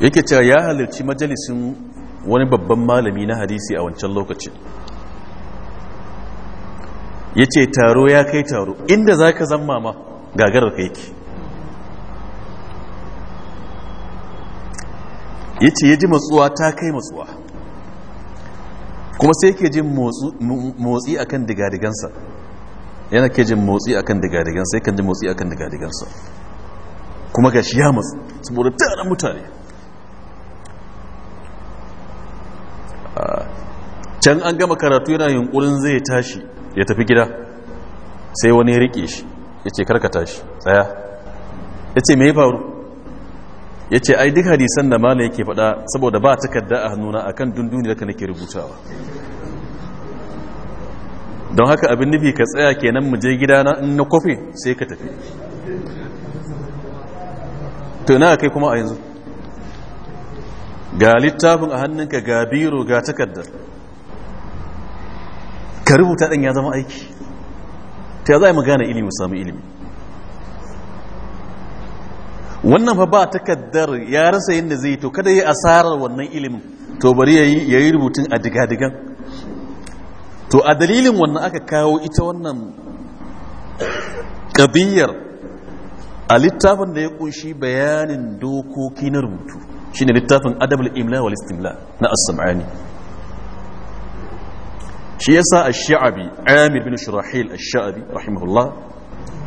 yake cewa ya halarci majalisin wani babban malami na hadisi a wancan lokacin ya ce taro ya kai taro inda za ka zama ma gagarar ka yake ya ce ya ji matsuwa ta kai matsuwa kuma sai ke jin motsi akan digadigansa yana ke jin motsi kan digadigan sai kan jin motsi a akan digadigansa kuma ga shi ya matsu saboda tara mutane can an gama karatu yana yunkurin zai tashi ya tafi gida sai wani ya riƙe shi ya ce karkata shi tsaya ya ce mai faru ya ce ai duk hadisan da malam yake faɗa saboda ba takarda a hannuna akan dunduni da ka nake rubutawa don haka abin nufi ka tsaya kenan mu je gidana in na kofi sai ka tafi to na kai kuma a yanzu ga littafin a hannunka ga biro ga takardar ka rubuta ɗan ya zama aiki ta za mu gane ilimi samu ilimi wannan fa ba takardar ya rasa yadda zai to kada yi asarar wannan ilimin to bari ya yi rubutun a digadigan to a dalilin wannan aka kawo ita wannan ƙabiyar a littafin da ya kunshi bayanin dokoki na rubutu shine littafin adabul imla wal istimla na as-sam'ani shi yasa ash-sha'abi amir bin shurahil ash-sha'abi rahimahullah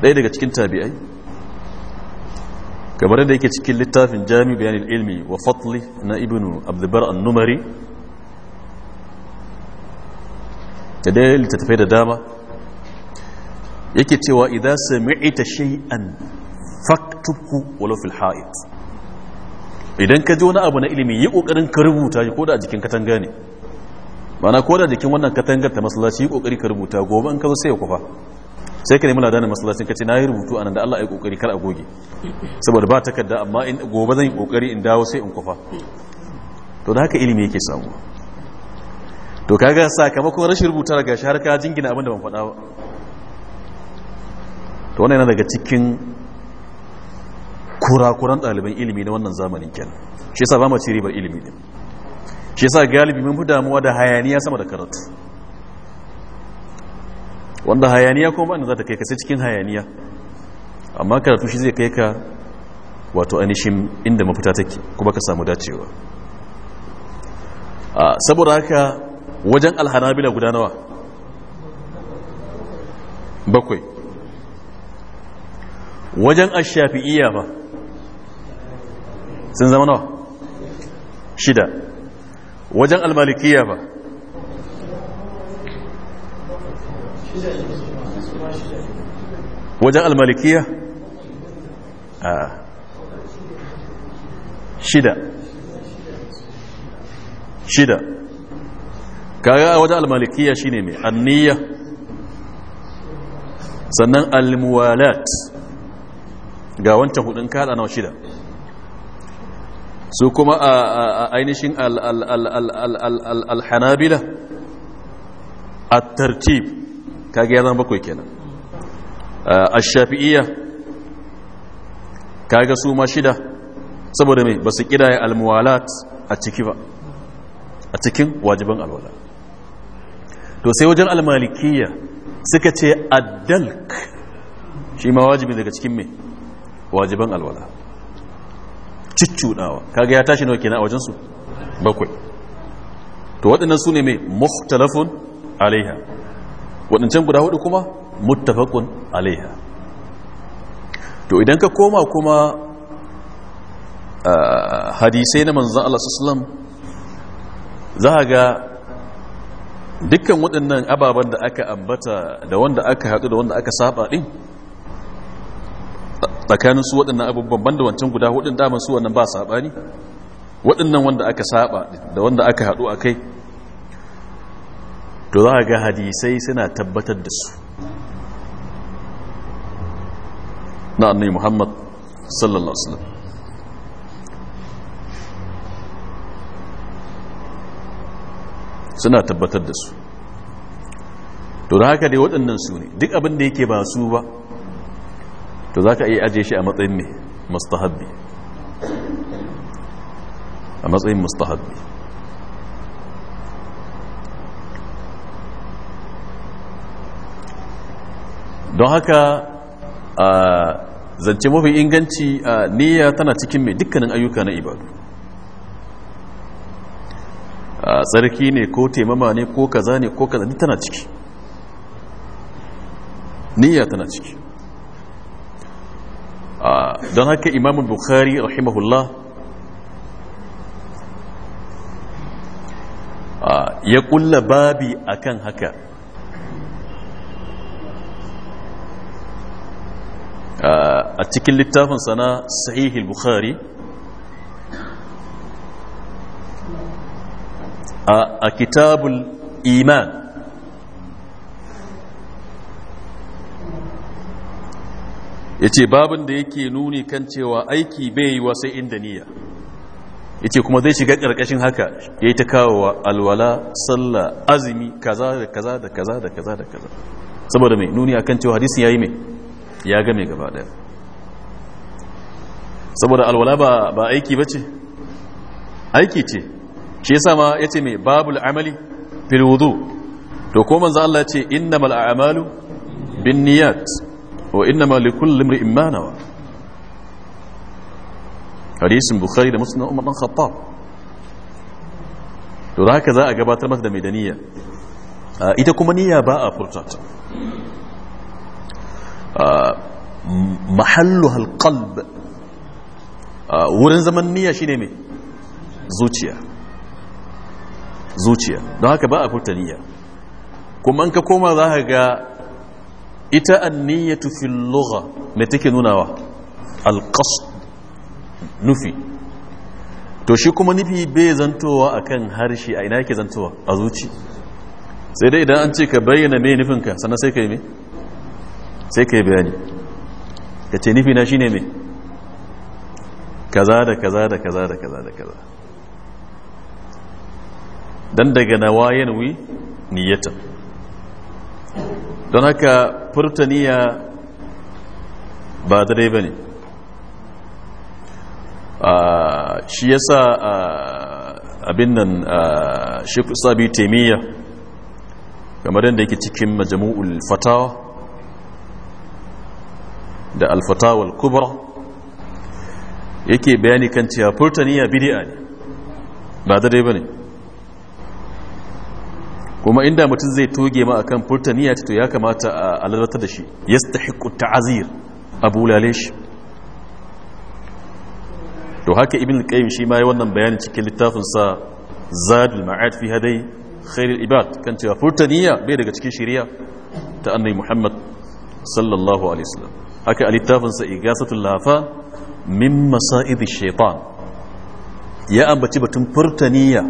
ɗaya daga cikin tabi'ai kamar da yake cikin littafin jami bayanin ilmi wa fatli na ibnu abdulbar an-numari da ta tafai da dama yake cewa idan sami'ita shay'an faktuku walau fil ha'id idan ka ji wani abu na ilimi yi kokarin ka rubuta shi koda a jikin katanga ne mana koda jikin wannan katangar ta masallaci yi kokari ka rubuta gobe in ka zo sai ya kufa sai ka nemi ladanin masallacin na nayi rubutu anan da Allah ya kokari kar a goge saboda ba takarda amma in gobe zan yi kokari in dawo sai in kufa to da haka ilimi yake samu to kaga sakamakon rashin rubuta daga shahar har ka jingina abinda ban faɗa ba to wannan yana daga cikin kurakuran ɗaliban ilimi na wannan zamanin kenan shi yasa ba mu ci ribar ilimi ne. shi yasa galibi mun fi damuwa da hayaniya sama da karatu wanda hayaniya kuma ba za ta kai ka sai cikin hayaniya amma karatu shi zai kai ka wato anishin inda mafita take kuma ka samu dacewa saboda haka wajen alhanabila guda nawa bakwai wajen ashafi'iyya ba sun zama nawa shida wajen almalikiyya ba wajen almalikiyya a ah. shida shida kaga a wajen almalikiya shi ne mai anniya sannan almuwalat ga wancan hudun kada na shida su kuma a ainihin alhanabila a tartib kaga ya zama bakwai kenan a shafi'iyya kaga su ma shida saboda mai ba su kidaye almuwalat a ciki ba a cikin wajiban alwala to sai wajen almalikiya suka ce addalk shi ma wajibi daga cikin mai wajiban alwala ciccudawa kaga ya tashi nawa kenan a wajensu bakwai to waɗannan su ne mai muhtalafun alaiha waɗancan guda hudu kuma muttafaqun alaiha to idan ka koma kuma ah, hadisai na manzan Allah sallam za a ga dukkan waɗannan ababen da aka ambata da wanda aka haɗu da wanda aka saba ɗin tsakanin su waɗannan abubuwan banda wancan guda waɗin damar su wannan ba ne waɗannan wanda aka saba da wanda aka haɗu a kai to za ga hadisai suna tabbatar da su na annai muhammad sallallahu alaihi wasallam suna tabbatar da su to da haka dai waɗannan su ne duk abin da yake ba su ba to za ka iya ajiye shi a matsayin mai mustahabbi a matsayin mustahabbi don haka a zance mafi inganci a niyya tana cikin mai dukkanin ayyuka na ibadu tsarki ne ko taimama ne ko kaza ne ko kaza duk tana ciki niyya tana ciki don haka imamu bukhari rahimahullah ya kulla babi akan haka a cikin littafin sana sahihil bukhari a kitabul iman ya ce babin da yake nuni kan cewa aiki bai yi sai inda niyya ya ce kuma zai shiga ƙarƙashin haka ya yi ta kawowa alwala sallah azumi kaza da kaza da kaza da kaza da kaza saboda mai nuni akan cewa hadisi ya yi mai ya game gaba ɗaya saboda alwala ba aiki ba ce aiki ce shi yasa ma yace me babul amali fil wudu to ko manzo Allah yace innamal a'malu binniyat wa innama likulli imrin ma nawa hadisin bukhari da muslim umar bin khattab to da haka za a gabatar masa da mai daniya ita kuma niyya ba a furtata mahallu halqalb wurin zaman niyya shine me zuciya zuciya don haka ba a furta niyya kuma an ka koma za ka ga ita anniyatu tufin lugha me take nunawa alqasd nufi to shi kuma nufi bai zantowa a kan harshe a ina yake zantowa a zuci sai dai idan an ce ka bayyana me nufinka sannan sai ka yi me sai ka yi bayani ka ce shi ne me kaza da kaza da kaza da kaza da kaza dan daga nawa ya nuyi don haka furta niyya ba dare ba ne shi yasa abin nan shi sabi taimiyya kamar yadda yake cikin majamu'ul fatawa da alfatawal kubra yake bayani kan cewa furtaniya bidi'a ne ba dare ba ne kuma inda mutum zai toge ma akan furtaniya to ya kamata a alalata da shi ya stahiku ta'azir a bulale shi to haka ibn qayyim shi ma yi wannan bayanin cikin littafinsa zadul ma'ad fi hadai khairul ibad kan cewa furtaniya bai daga cikin shari'a ta annabi muhammad sallallahu alaihi wasallam haka a littafinsa igasatul lafa min masaibi shaitan ya ambaci batun furtaniya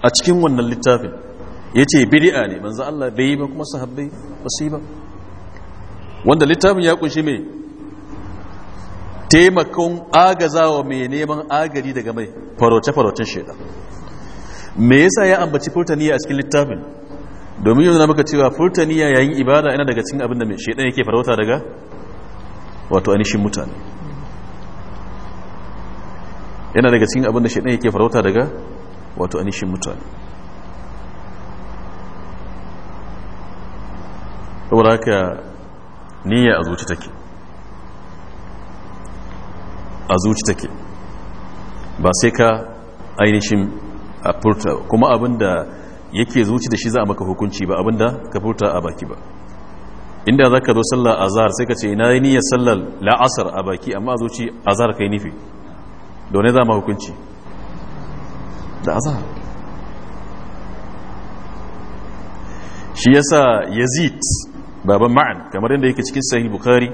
a cikin wannan littafin ya ce bidi'a ne manzo Allah bai yi ba kuma sahabbai ba su yi ba wanda littafin ya kunshi mai taimakon agazawa mai neman agari daga mai farauta farautun shaida me yasa ya ambaci furtaniya a cikin littafin domin yanzu na muka cewa furtaniya yayin ibada yana daga cikin abin da mai shaidan yake farauta daga wato anishin mutane yana daga cikin abin da shaidan yake farauta daga wato anishin mutane saboda haka niyya a zuci take a zuci take ba sai ka ainihin a furta kuma abinda yake zuci da shi za a maka hukunci ba abinda ka furta a baki ba inda za ka zo sallar azhar sai ka ce na yi niyyar sallar la'asar a baki amma a zuci azhar yi nufi ne za ma hukunci da azhar shi yasa yazid baban ma'an kamar yadda yake cikin sahih bukari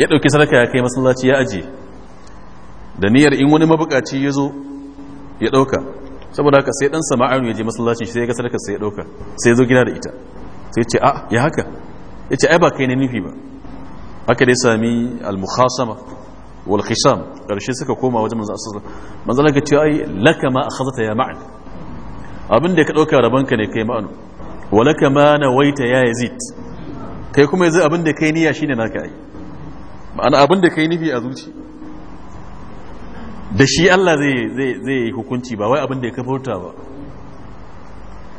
ya dauki sadaka ya kai masallaci ya aje da niyyar in wani mabukaci ya zo ya dauka saboda haka sai dan sama'an ya je masallacin shi sai ya ga sadaka sai ya dauka sai ya zo gida da ita sai ya ce a ya haka ya ce ai ba kai ne nufi ba haka dai sami al-mukhasama wal khisam karshe suka koma wajen manzo sallallahu alaihi wasallam manzo Allah ya ce ai laka ma akhadhta ya ma'an abin da ka dauka rabanka ne kai ma'anu walaka ma nawaita ya yazid kai kuma yanzu abin da kai niyya shine naka yi, ma'ana abin da kai nufi a zuci da shi Allah zai zai zai yi hukunci ba wai abin da ya kafarta ba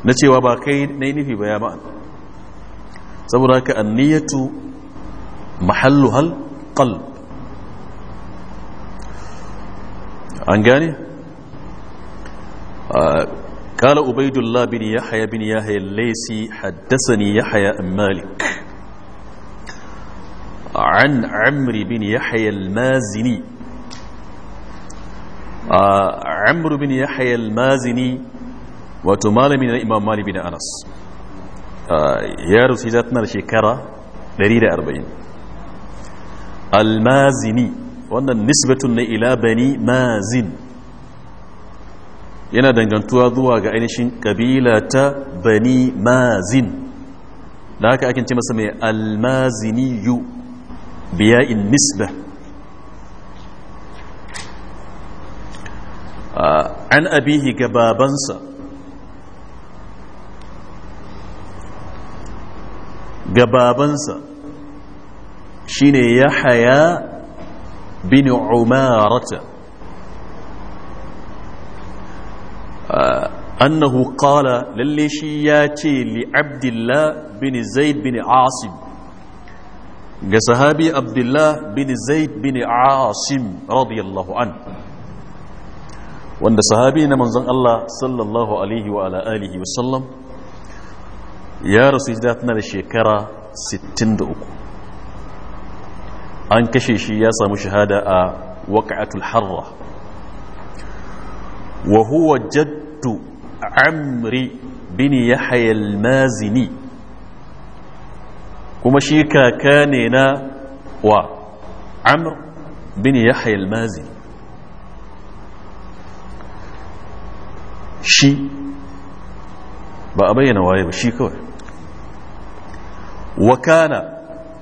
na cewa ba kai nayi nufi ba ya ma'an saboda ka anniyatu mahallu hal qalb an gane قال عبيد الله بن يحيى بن يحيى الليسي حدثني يحيى مالك عن عمرو بن يحيى المازني عمرو بن يحيى المازني wato malami na مالي بن أنس anas ya rusu hijira da shekara 140 almazini wannan nisbatun na ila bani mazin yana dangantuwa zuwa ga ainihin kabila ta bani mazin da haka ake ce masa mai almaziniyu. بياء النسبة آه، عن أبيه جبابنسا جبابنسا شين يحيى بن عمارة آه، أنه قال للشياتي لعبد الله بن زيد بن عاصم ga sahabi abdullah bin zaid bin asim radiyallahu an wanda sahabi na manzon Allah sallallahu alaihi wa ala alihi wa sallam ya rasu hijira tana da shekara 63 an kashe shi ya samu shahada a waqa'atul harra wa huwa jaddu amri bin yahya al-mazini kuma shi kaka ne na wa amr bin yahya al-mazi shi ba a bayyana waye ba shi kawai wakana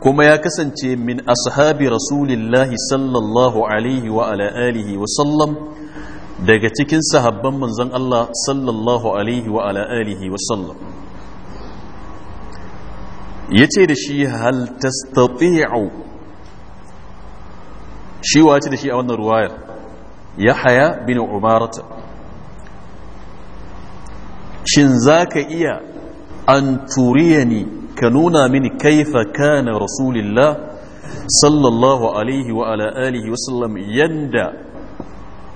kuma ya kasance min ashabi rasulillahi sallallahu alaihi wa ala alihi wa sallam daga cikin sahabban manzon Allah sallallahu alaihi wa ala alihi wa sallam ya ce da shi hal tastati'u shi wa ce da shi a wannan ruwayar yahaya bin umarata shin za ka iya an turiyani ka nuna mini kaifa kana rasulillah sallallahu alaihi wa ala alihi sallam yanda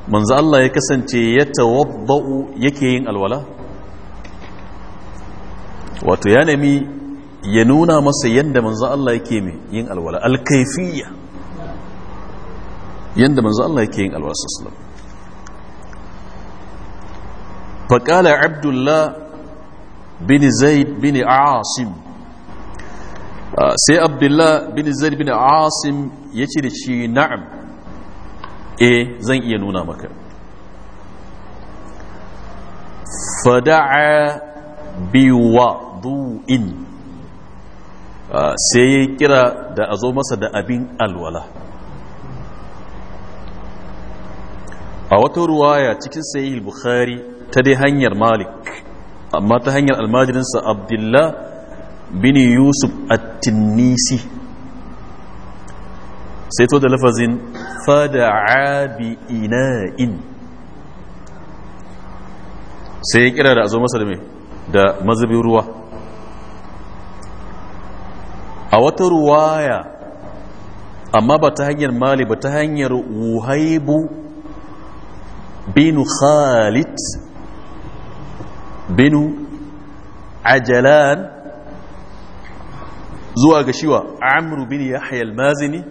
manzo Allah ya kasance ya tawadda'u yake yin alwala wato ya nemi ya nuna masa yadda manzo Allah yake mai yin alwala alkaifiyya yadda manzo Allah yake yin alwala sallam faqala abdullah bin zaid bin asim ah, sai abdullah bin zaid bin asim ya ce da shi na'am E, zan iya nuna maka fada'a biwa du'in Ah, sai ya kira da a zo masa da abin alwala a wata ruwaya cikin sayi bukhari ta dai hanyar malik amma ta hanyar almajirinsa abdullah bin yusuf at-tinnisi sai to da lafazin fada'a bi ina'in sai ya kira da a zo masa da mai da mazubin ruwa a wata ruwaya amma ba ta hanyar mali ba ta hanyar wuhaibu binu khalid binu ajalan zuwa ga shiwa amru bin yahya almazini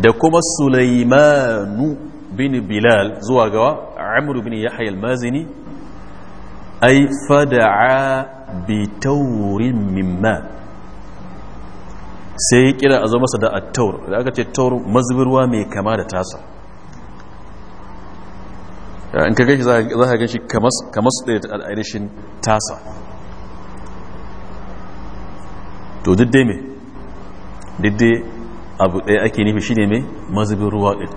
da kuma sulaimanu bin bilal zuwa ga amru bin yahya almazini mazini ay fada'a bi taurin mimma sai ya kira a zo masa da attaur da aka ce taur mazubirwa mai kama da tasa in ka gashi za ka gashi kamar su ɗaya da ainihin tasa to didde mai didde abu ɗaya ake nufi shi ne mai mazubin ruwa ɗin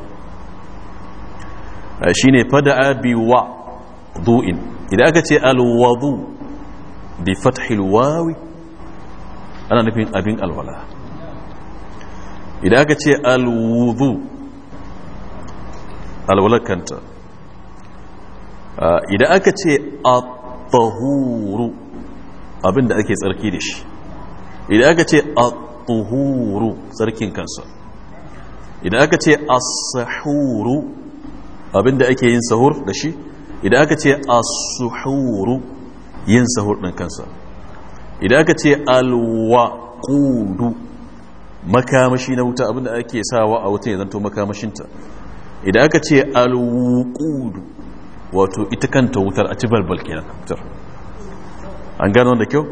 shi ne fada wa du'in idan aka ce alwadu bi fathil wawi ana nufin abin alwala idan aka ce alwudu alwalakanta ah, idan aka ce a tahuru abinda ake tsarki da shi idan aka ce a tuhuru tsarkin kansa idan aka ce a sahuru abinda ake yin sahur da shi idan aka ce a suhuru yin sahur ɗin kansa idan aka ce alwakudu makamashi na wuta abinda ake sawa a wuta ya zanto makamashinta idan aka ce alwukudu wato ita kanta wutar a ci balbal kenan wutar an gano wanda kyau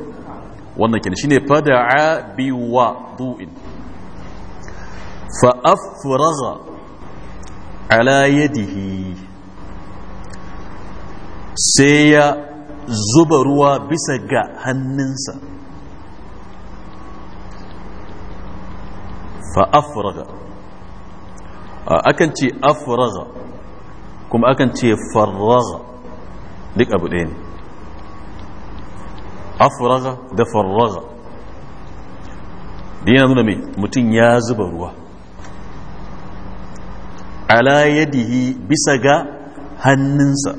wannan kenan shine fada'a bi wa du'in fa alayyadihi. sai ya zuba ruwa bisa ga hannunsa fa afraga akan ce afraga kuma akan ce farraga duk abu ɗaya ne afraga da farraga da yana nuna mai mutum ya zuba ruwa ala yadihi bisa ga hannunsa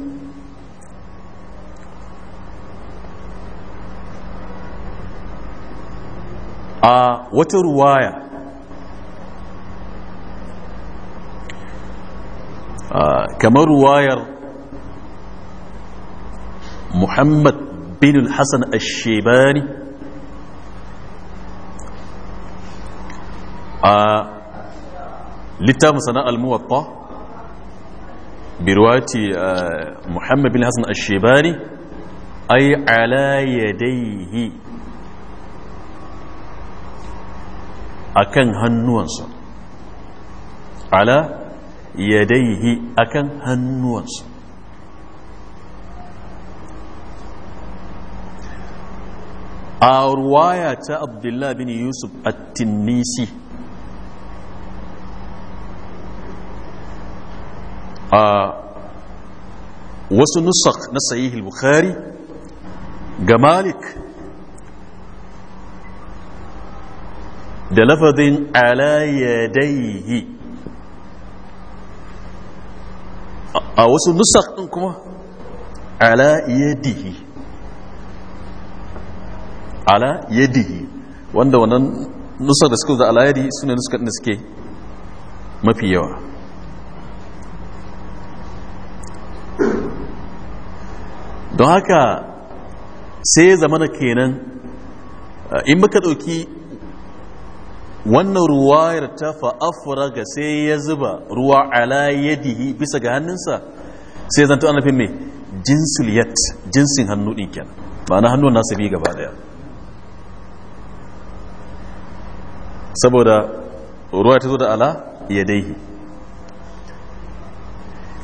a wata ruwaya آه، كمر واير محمد بن الحسن الشيباني آه، لتام صناء الموطة برواية آه، محمد بن الحسن الشيباني أي على يديه أكن هنوانسا على yadaihi akan hannuwansa a ruwaya ta abdullah bin yusuf at-tinnisi a wasu nusak na sahihul bukhari ga malik da lafazin ala yadaihi a wasu nusak ɗin kuma ala yadihi ala yadihi wanda wannan nusar da suka da ala yadi suna ne nuskar da suke mafi yawa don haka sai zamana kenan in baka ɗauki wannan ruwayar ta fa'afura ga sai ya zuba ruwa ala yadihi bisa ga hannunsa sai zan ta nufin mai jinsul yat jinsin hannu ɗin kenan ma'ana hannun nasu bi gaba daya saboda ruwa ta zo da ala yadaihi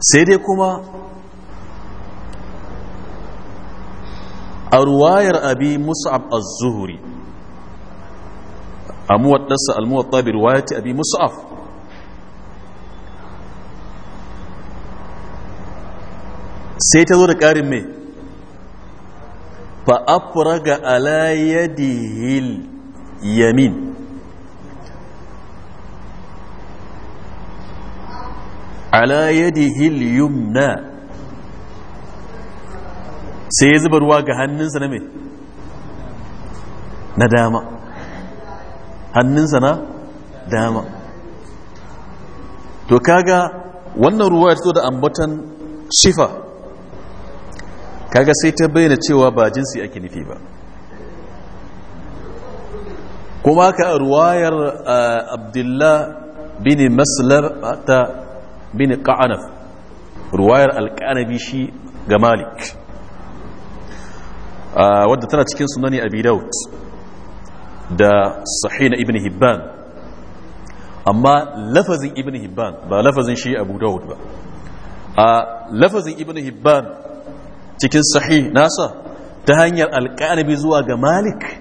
sai dai kuma a ruwayar abi musab az-zuhuri أموت نسى الموت طيب رواية أبي مصعف سيت هذا الكارم مي فأفرغ على يده اليمين على يده اليمنى سيزبر واقع هنن سنمي ندامه hannunsa na dama to kaga wannan ruwa ya da ambatan shifa kaga sai ta bayyana cewa ba jinsi ake nufi ba kuma ka ruwayar abdullah bin maslar ta bin ka'anaf ruwayar alkanabi shi ga malik wadda tana cikin sunani abi daud da sahi na ibn hibban amma lafazin ibn hibban ba lafazin shi abu dawud ba a lafazin ibn hibban cikin sahi nasa ta hanyar alƙalibi zuwa ga malik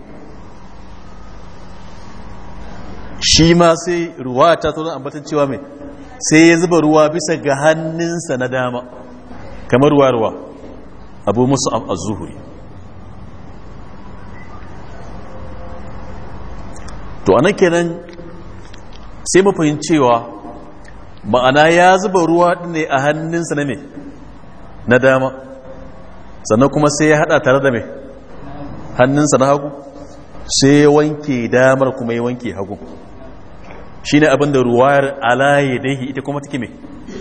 shi ma sai ruwa ta tsoron ambatan cewa mai sai ya zuba ruwa bisa ga hannunsa na dama kamar ruwa-ruwa abu musu az-zuhuri to anan kenan sai mu fahimcewa ma'ana ya zuba ruwa ne a hannunsa na me na dama sannan kuma sai ya hada tare da me hannunsa na hagu sai ya wanke damar kuma ya wanke hagu shine abin da ruwayar alaye dahi ita kuma take me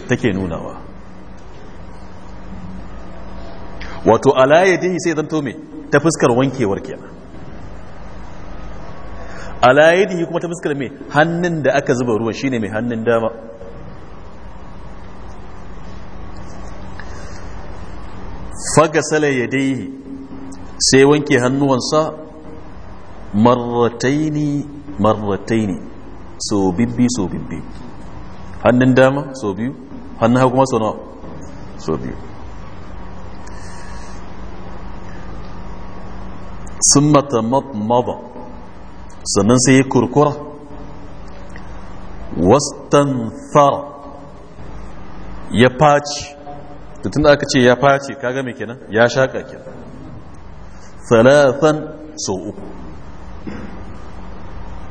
take nunawa wato alaye dahi sai zanto me ta fuskar wankewar kenan ala kuma ta fuskar mai hannun da aka zuba ruwa shine mai hannun dama fagasala yadaihi sai wanke hannuwansa marataini marataini so bibbi so bibbi hannun dama so biyu hannun hagu kuma nawa so biyu sun mata mada sannan sai ya kurkura far ya faci tun da aka ce ya faci kaga mai kenan ya shaƙa kenan thalathan sau uku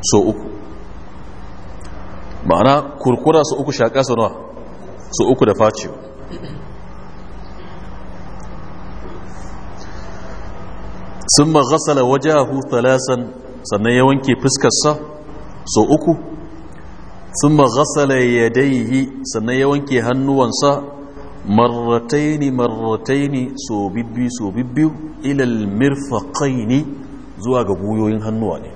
sau uku ma'ana kurkura sau uku shaƙa sau nawa sau uku da faci sun ma gasala wajahu thalasan sannan ya wanke fuskarsa so uku sun gasala ya daihi sannan ya wanke hannuwansa marataini marataini so bibbi so bibbi ilal ne, zuwa ga guyoyin hannuwa ne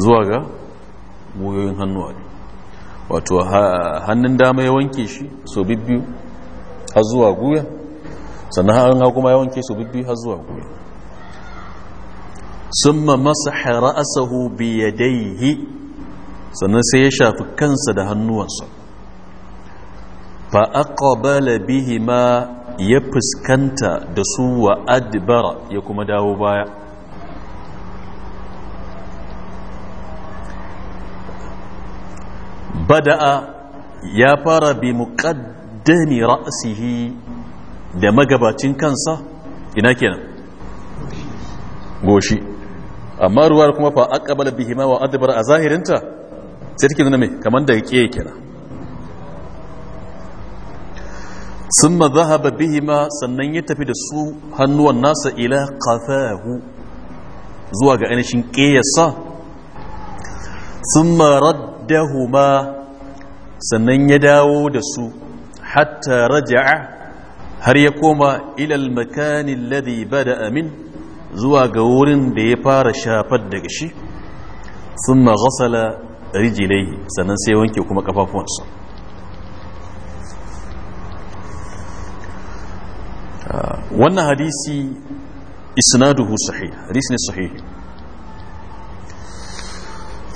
zuwa ga guyoyin hannuwa ne wato hannun dama ya wanke shi so bibbi har zuwa guya sannan hannun kuma ya wanke so bibbi har zuwa guya summa masaha ra'asahu biyadaihi sannan sai ya shafi kansa da hannuwansa fa aqbala ma ya fuskanta da su wa adbara ya kuma dawo baya bada'a ya fara bi muqaddami ra'sihi da magabacin kansa ina kenan goshi amma ruwar kuma fa aqbala bihima wa adbar a zahirinta sai take nuna me kaman da yake kenan summa dhahaba bihima sannan ya tafi da su hannuwan nasa ila qafahu zuwa ga ainihin ma summa ma sannan ya dawo da su hatta raja'a har ya koma ilal makanin ladi ba da amin. zuwa ga wurin da ya fara shafar daga shi sun gasala rijilai sannan sai wanke kuma kafafuwansa ah, wannan hadisi isnaduhu sahih hadisi ne sahih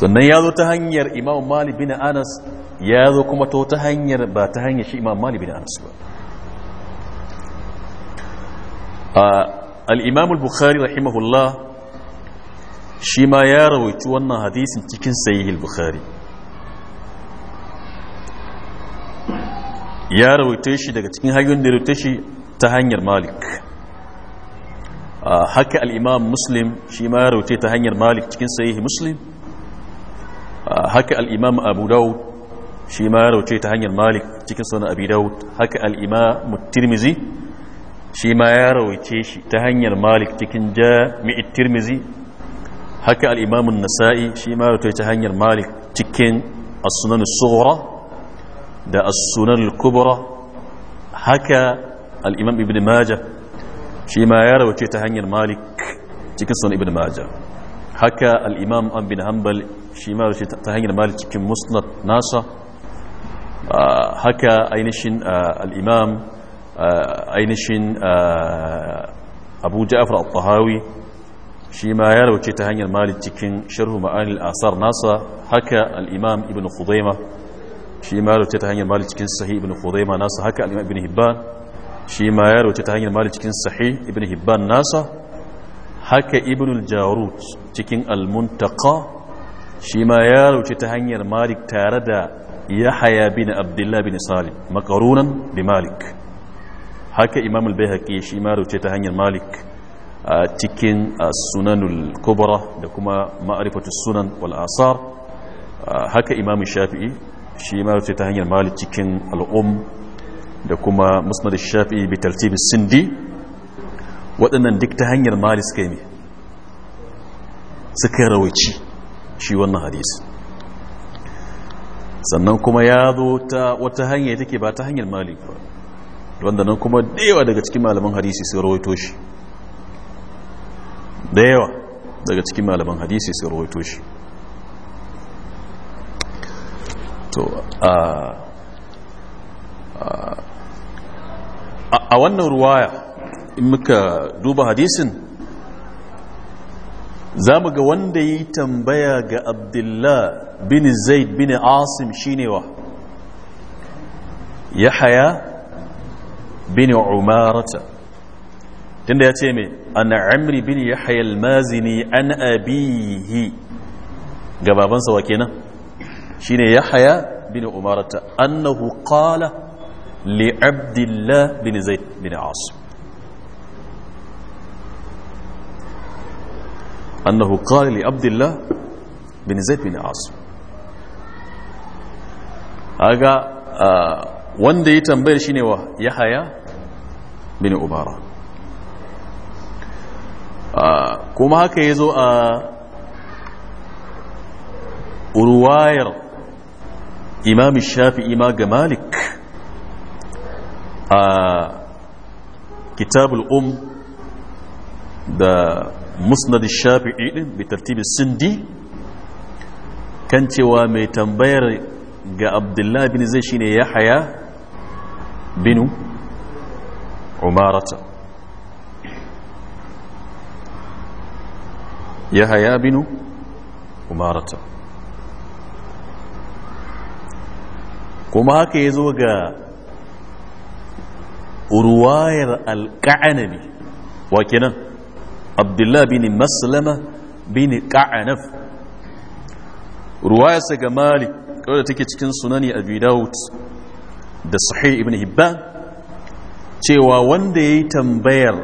sannan ya zo ta hanyar imam mali bin anas ya zo kuma to ta hanyar ba ta hanyar shi imam mali bin anas ba ah, al'imamu bukhari rahimahullah shi ma ya rawaici wannan hadisin cikin sahihul bukhari ya rawaito shi daga cikin hanyoyin da rawaito shi ta hanyar malik haka al'imam muslim shi ma ya rawaito ta hanyar malik cikin sahihi muslim haka al'imam abu daud shi ma ya rawaito ta hanyar malik cikin sunan abu daud haka al'imam tirmizi shi ma ya rawaice shi ta hanyar malik cikin jami'it tirmizi haka al'imamun nasa'i shi ma rawaice ta hanyar malik cikin asunan sughra da asunan kubra haka al'imam ibn maja shi ma ya rawaice ta hanyar malik cikin sunan ibn maja haka al'imam imam bin hanbal shi ma rawaice ta hanyar malik cikin musnad nasa haka ainihin al'imam ainihin abu ja'afar al-tahawi shi ma ya rauce ta hanyar malik cikin sharhu ma'anil asar nasa haka al-imam ibn khudaima shi ma ya rauce ta hanyar malik cikin sahih ibn khudaima nasa haka al-imam ibn hibban shi ma ya rauce ta hanyar malik cikin sahih ibn hibban nasa haka ibn al-jarut cikin al-muntaqa shi ma ya rauce ta hanyar malik tare da yahaya bin abdullah bin salim makarunan bi malik haka imam al-bayhaqi shi ma rauce ta hanyar malik a cikin sunanul kubra da kuma ma'rifatu sunan wal asar haka imam shafi'i shi ma rauce ta hanyar malik cikin al'um da kuma musnad shafi'i bi tartib sindi waɗannan duk ta hanyar malik suka yi suka rawaici shi wannan hadisi sannan kuma ya zo ta wata hanya take ba ta hanyar malik ba wanda nan kuma daewa daga cikin malaman hadisi sun rawaito shi daewa daga cikin malaman hadisi sun rawaito shi to a wannan ruwaya in muka duba hadisin za mu ga wanda yi tambaya ga abdullah bin zaid bin asim shine wa ya haya bin umarata mai an bin yahya al ga babansa wa kenan أنه قال لعبد الله بن زيد بن عاصم wanda ya tambayar shine wa yahaya bin ubara kuma haka ya zo a ruwayar imam shafi'i ma ga malik a kitabul um da musnad shafi'i din bi tartibi sindi kan cewa mai tambayar ga abdullahi bin zai shine ya haya binu umarata yahaya binu umarata kuma haka ya zo ga ruwayar alka'anabi wa kenan abdullah bin maslama bin ka'anaf ruwayarsa ga malik kawai da take cikin sunani abu da sahih ibn hibban cewa wanda ya yi tambayar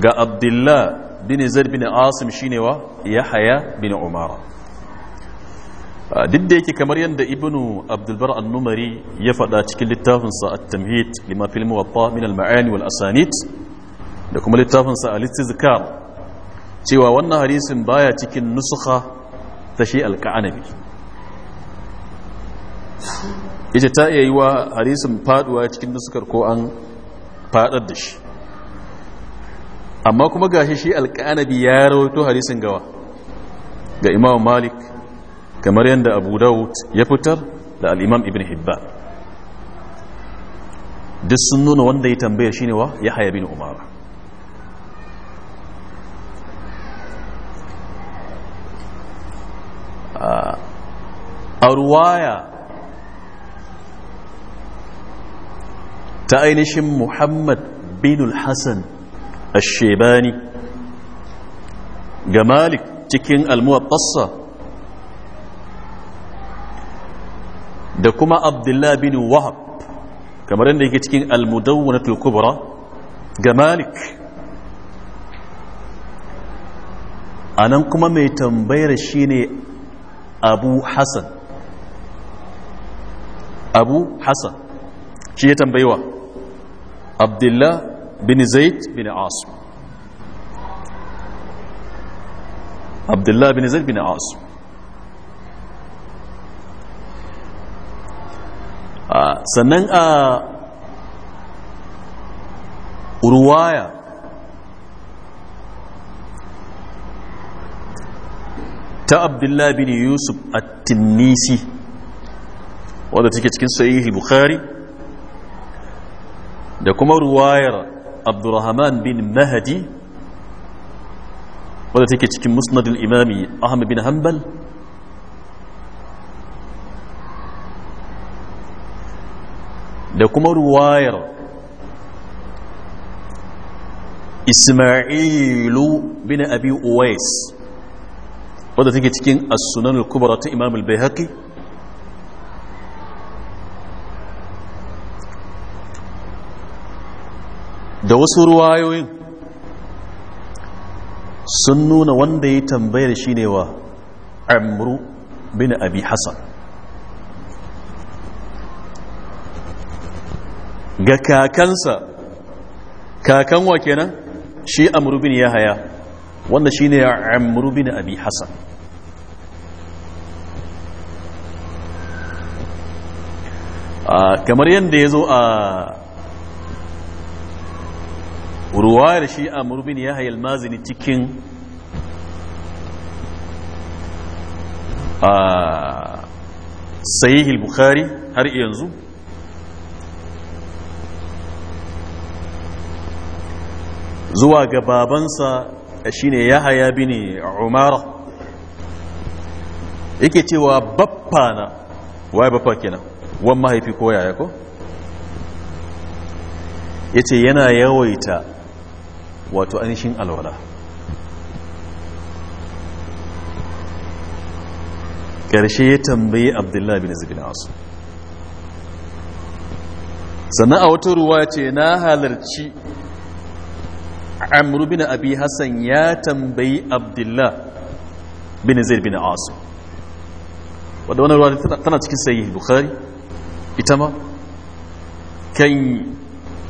ga abdullah bin zar bin asim shine wa ya haya bin umara ah, duk da yake kamar yadda ibnu abdulbar annumari ya faɗa cikin littafinsa a tamhid lima filmi wata min al-ma'ani wal asanit da kuma littafinsa a littizkar cewa wannan hadisin baya cikin nusuka ta shi alka'anabi ita ta iya yi wa harisun faduwa cikin nuskar ko an fadar da shi amma kuma ga shi shi alƙanabi ya rawaito harisun gawa ga imam malik kamar yadda abu dawud ya fitar da al'imam ibn Hibbar. duk sun nuna wanda ya tambaya shi ne wa ya haya bin umara a ruwaya ta ainihin muhammad bin hassan ashebani ga malik cikin almuwattassa da kuma abdullah bin wahab kamar yadda yake cikin almudawwanatul kubra ga malik a nan kuma mai tambayar shine abu hassan abu hassan shi ya tambayiwa عبد الله بن زيد بن عاصم عبد الله بن زيد بن عاصم sannan a ruwaya ta abdullahi bin yusuf at-tinnisi wadda take cikin sahih bukhari da kuma ruwayar abdurrahman bin mahadi wadda take cikin musnadul imami ahmad bin hanbal da kuma ruwayar ismailu bin abi uwais wadda take cikin as-sunan al-kubra ta imam al bayhaqi wasu ruwayoyin sun nuna wanda ya tambayar shi ne wa amru bin abi hassan ga kakansa kakan wa kenan shi amru bin ya haya, wanda shi ne amru bin abi hassan ah, kamar yadda ya zo a da shi a murbin ya hayal mazini cikin a sayihil bukhari har yanzu zuwa ga babansa shi ne ya haya bini umara yake cewa baffa na waye baffa kenan wani mahaifi ko yaya ko ya ce yana yawaita wato ainihin alwala ƙarshe ya tambaye abdullahi bin zubin asu sannan a wata ruwa ce na halarci amru bin abi hassan ya tambayi Abdullahi bin zaid bin asu wadda wani ruwa tana cikin sayi bukhari ita ma kan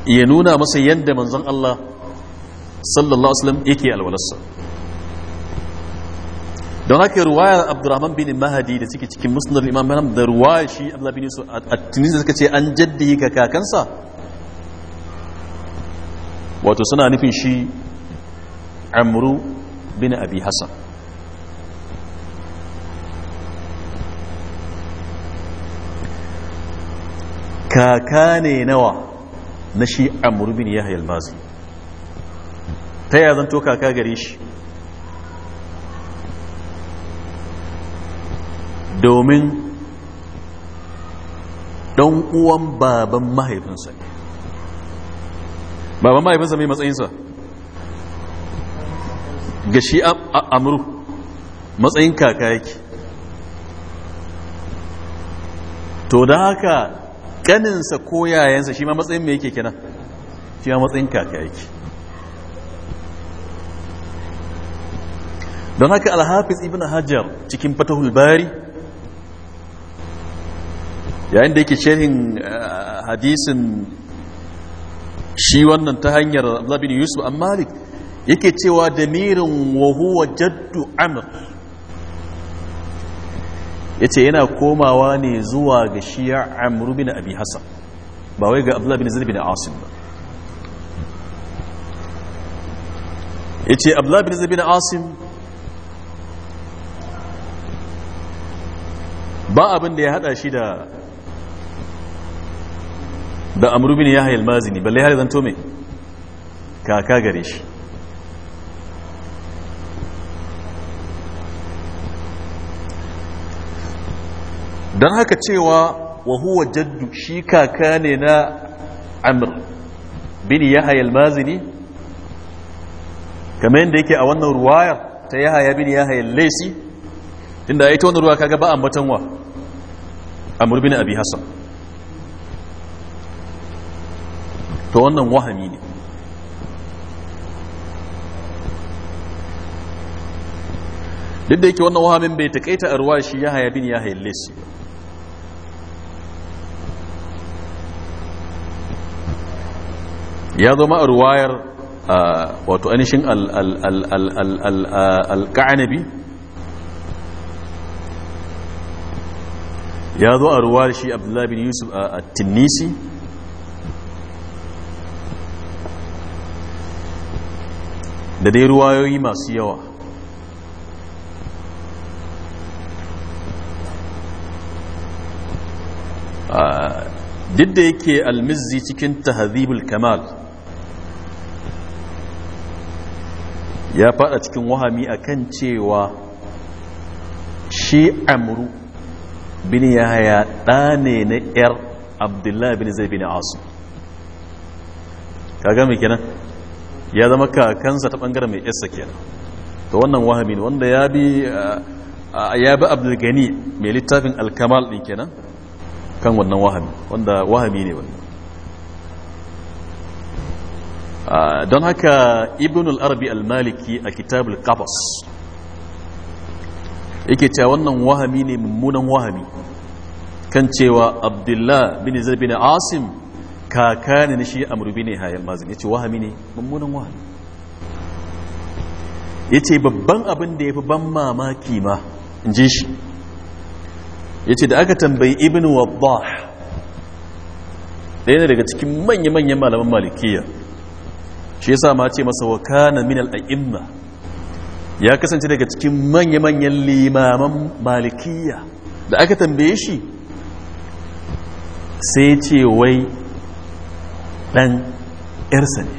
ya nuna masa yadda manzon Allah sallallahu wasallam yake alwalarsa don haka ruwayar abdurrahman bin mahadi da suke cikin musnad imam maham da ruwaya shi abdullah bin yusuf a tunis da suka ce an jaddi ga kakansa wato suna nufin shi amru bin abi hassan kaka ne nawa na shi amru bin yahya al-mazi ta yaya zanto kaka gare shi domin don uwan baban mahaifinsa ne baban mahaifinsa mai matsayinsa ga shi amuru matsayin kaka yake to da haka kaninsa ko yayansa shi ma matsayin mai yake kenan shi ma matsayin kaka yake don haka alhafiz ibn hajar cikin fatahul bari yayin da yake sharhin eh, hadisin shi wannan ta hanyar abdullahi yusuf an malik yake cewa da mirin wahuwa jaddu Amir. ya ce yana komawa ne zuwa ga shiya amru bin abi hassan ba wai ga abdullahi bin zirbi da asim ba ya ce abdullahi bin zirbi da asim ba abin da ya hada shi da da amru ya yahya mazini balle har zanto me kaka gare shi don haka cewa wa huwa jaddu shi kaka ne na amr bin yahya al-mazini kamar yadda yake a wannan ruwaya ta yahya bin yahya al-laisi inda ta wannan ruwa kaga ba ambatanwa. amur bin abi hassan to wannan wahami ne duk da yake wannan wahamin bai taƙaita, a ruwa shi ya haya bin ya haya lesi ya zama a ruwayar wato ainihin al-ka'anabi ya zo a ruwa shi abdullahi bin yusuf a tunisi da dai ruwayoyi masu yawa duk da yake almizzi cikin tahazibul kamal ya fada cikin wahami akan cewa shi amru bin yahaya ɗa ne na yar abdullahi bin zai bin asu kaga mai kenan ya zama kakansa ta bangaren mai yarsa kenan to wannan wahami ne wanda ya bi ya bi abdul gani mai littafin alkamal din kenan kan wannan wahami wanda wahami ne wannan don haka ibn al-arabi al-maliki a kitabul qabas yake cewa wannan wahami ne mummunan wahami kan cewa abdullah bin zaid na asim kaka ne na shi ne hayan hayyan mazin yace wahami ne mummunan wahami yace babban abin da ya fi ban mamaki ma in ji shi yace da aka tambayi ibn waddah ɗaya daga cikin manya-manyan malaman malikiya shi yasa ma ce masa wa kana min aimma ya kasance daga cikin manya-manyan limaman malikiya da aka tambaye shi sai ce wai ɗan ƴarsa ne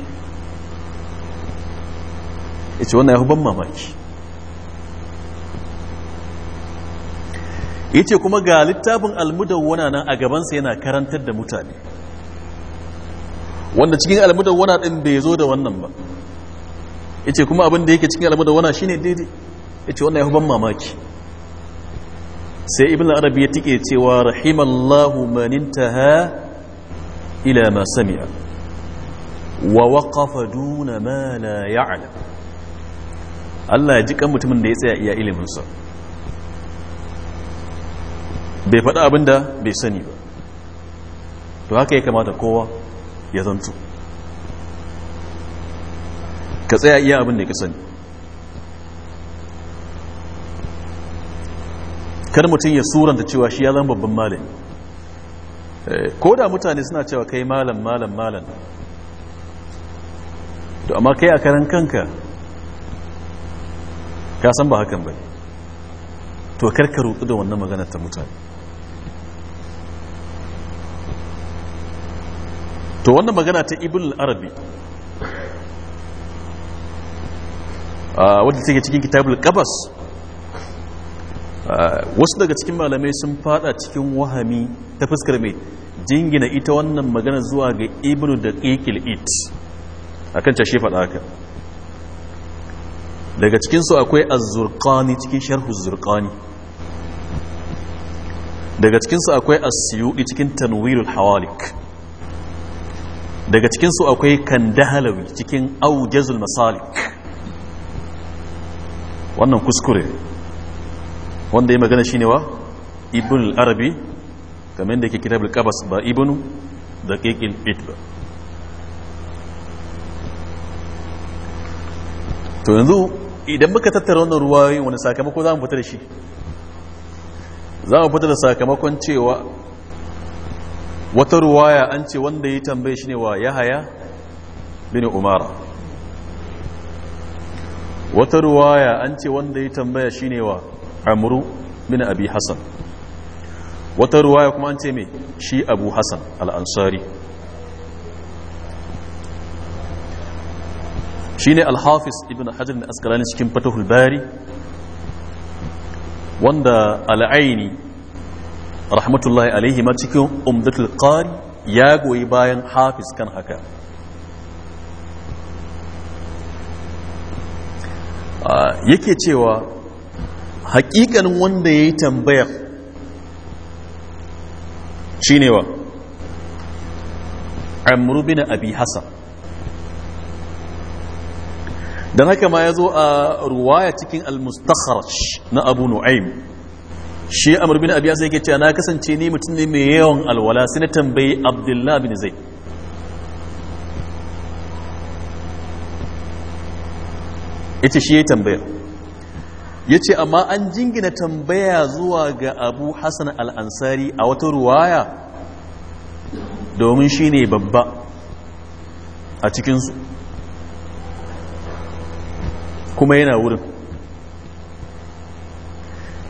ya ce wannan ya ban mamaki ya ce kuma ga littafin wana nan a gabansa yana karantar da mutane wanda cikin wana ɗin bai zo da wannan ba ce kuma abin da yake cikin almudawwana shine daidai yace wannan ya ban mamaki sai ibn arabi ya tike cewa rahimallahu maninta intaha ila ma wa waƙafa duna ma la Allah ya ji kan mutumin da ya tsaya iya ilimin sa bai faɗa abin da bai sani ba to haka ya kamata kowa ya zanto ka tsaya iya abin da ka sani kar mutum ya suranta cewa shi ya zama babban malin eh, ko da mutane suna cewa kai malam malam malam to amma kai a karan kanka ka san ba hakan ba to karka rudu da wannan magana ta mutane to wannan magana ta ibn arabi wadda take cikin kitabul qabas wasu daga cikin malamai sun fada cikin wahami ta fuskar mai jingina ita wannan magana zuwa ga ibnu da ƙiƙil it akan cashe faɗa haka daga cikinsu akwai azurkani cikin sharhu zurkani daga cikinsu akwai asiyudi cikin tanwirul hawalik daga cikinsu akwai kandahalawi cikin aujazul masalik wannan kuskure wanda ya magana shine wa ibn al-arabi kamar yadda yake kitab al-qabas ba ibnu da kekin itba to yanzu idan muka tattara wannan ruwayoyin wani sakamako za mu fita da shi za mu fita da sakamakon cewa wata ruwaya an ce wanda ya tambaye shi ne wa yahaya bin umara wata ruwaya an ce wanda ya tambaya shine wa amru bin abi hasan wata ruwaya kuma an ce me shi abu hasan al'ansari shi ne alhafis ibn hajar na askalani cikin fatahul bari wanda al'aini rahmatullahi alaihi ma cikin umdatul qari ya goyi bayan hafiz kan haka Ah, yake cewa haƙiƙanin wanda ya yi tambayar shi ne wa amru abi hassan don haka ma ya zo a ruwaya cikin al-mustakharaj na abu nu'aim shi amru abi hassan yake cewa na kasance ne mutum ne mai yawan alwala sai na tambayi abdullahi bin zai ita shi ya tambaya ce amma an jingina tambaya zuwa ga Abu Hassan al-Ansari a wata ruwaya domin shi ne babba a cikinsu kuma yana wurin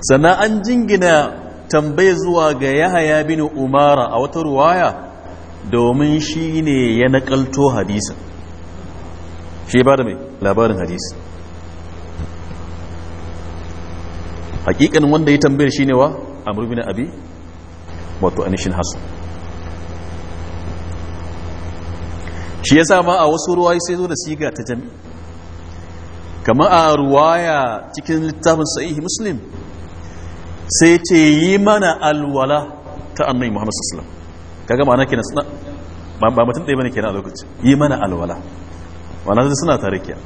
sannan an jingina tambaya zuwa ga yahaya bin umara a wata ruwaya domin shi ne ya naƙalto hadisa shi ba da mai labarin hadisa. hakikanin wanda ya tambayar ne wa amr bin abi wato anishin hasu shi yasa ba a wasu ruwa sai zo da siga ta jami kama a ruwaya cikin littafin sahihi muslim sai ce yi mana alwala ta annabi muhammad sallallahu alaihi wasallam kaga ma'ana kenan suna ba mutum ɗaya bane kenan a lokaci yi mana alwala ma'ana suna tare kenan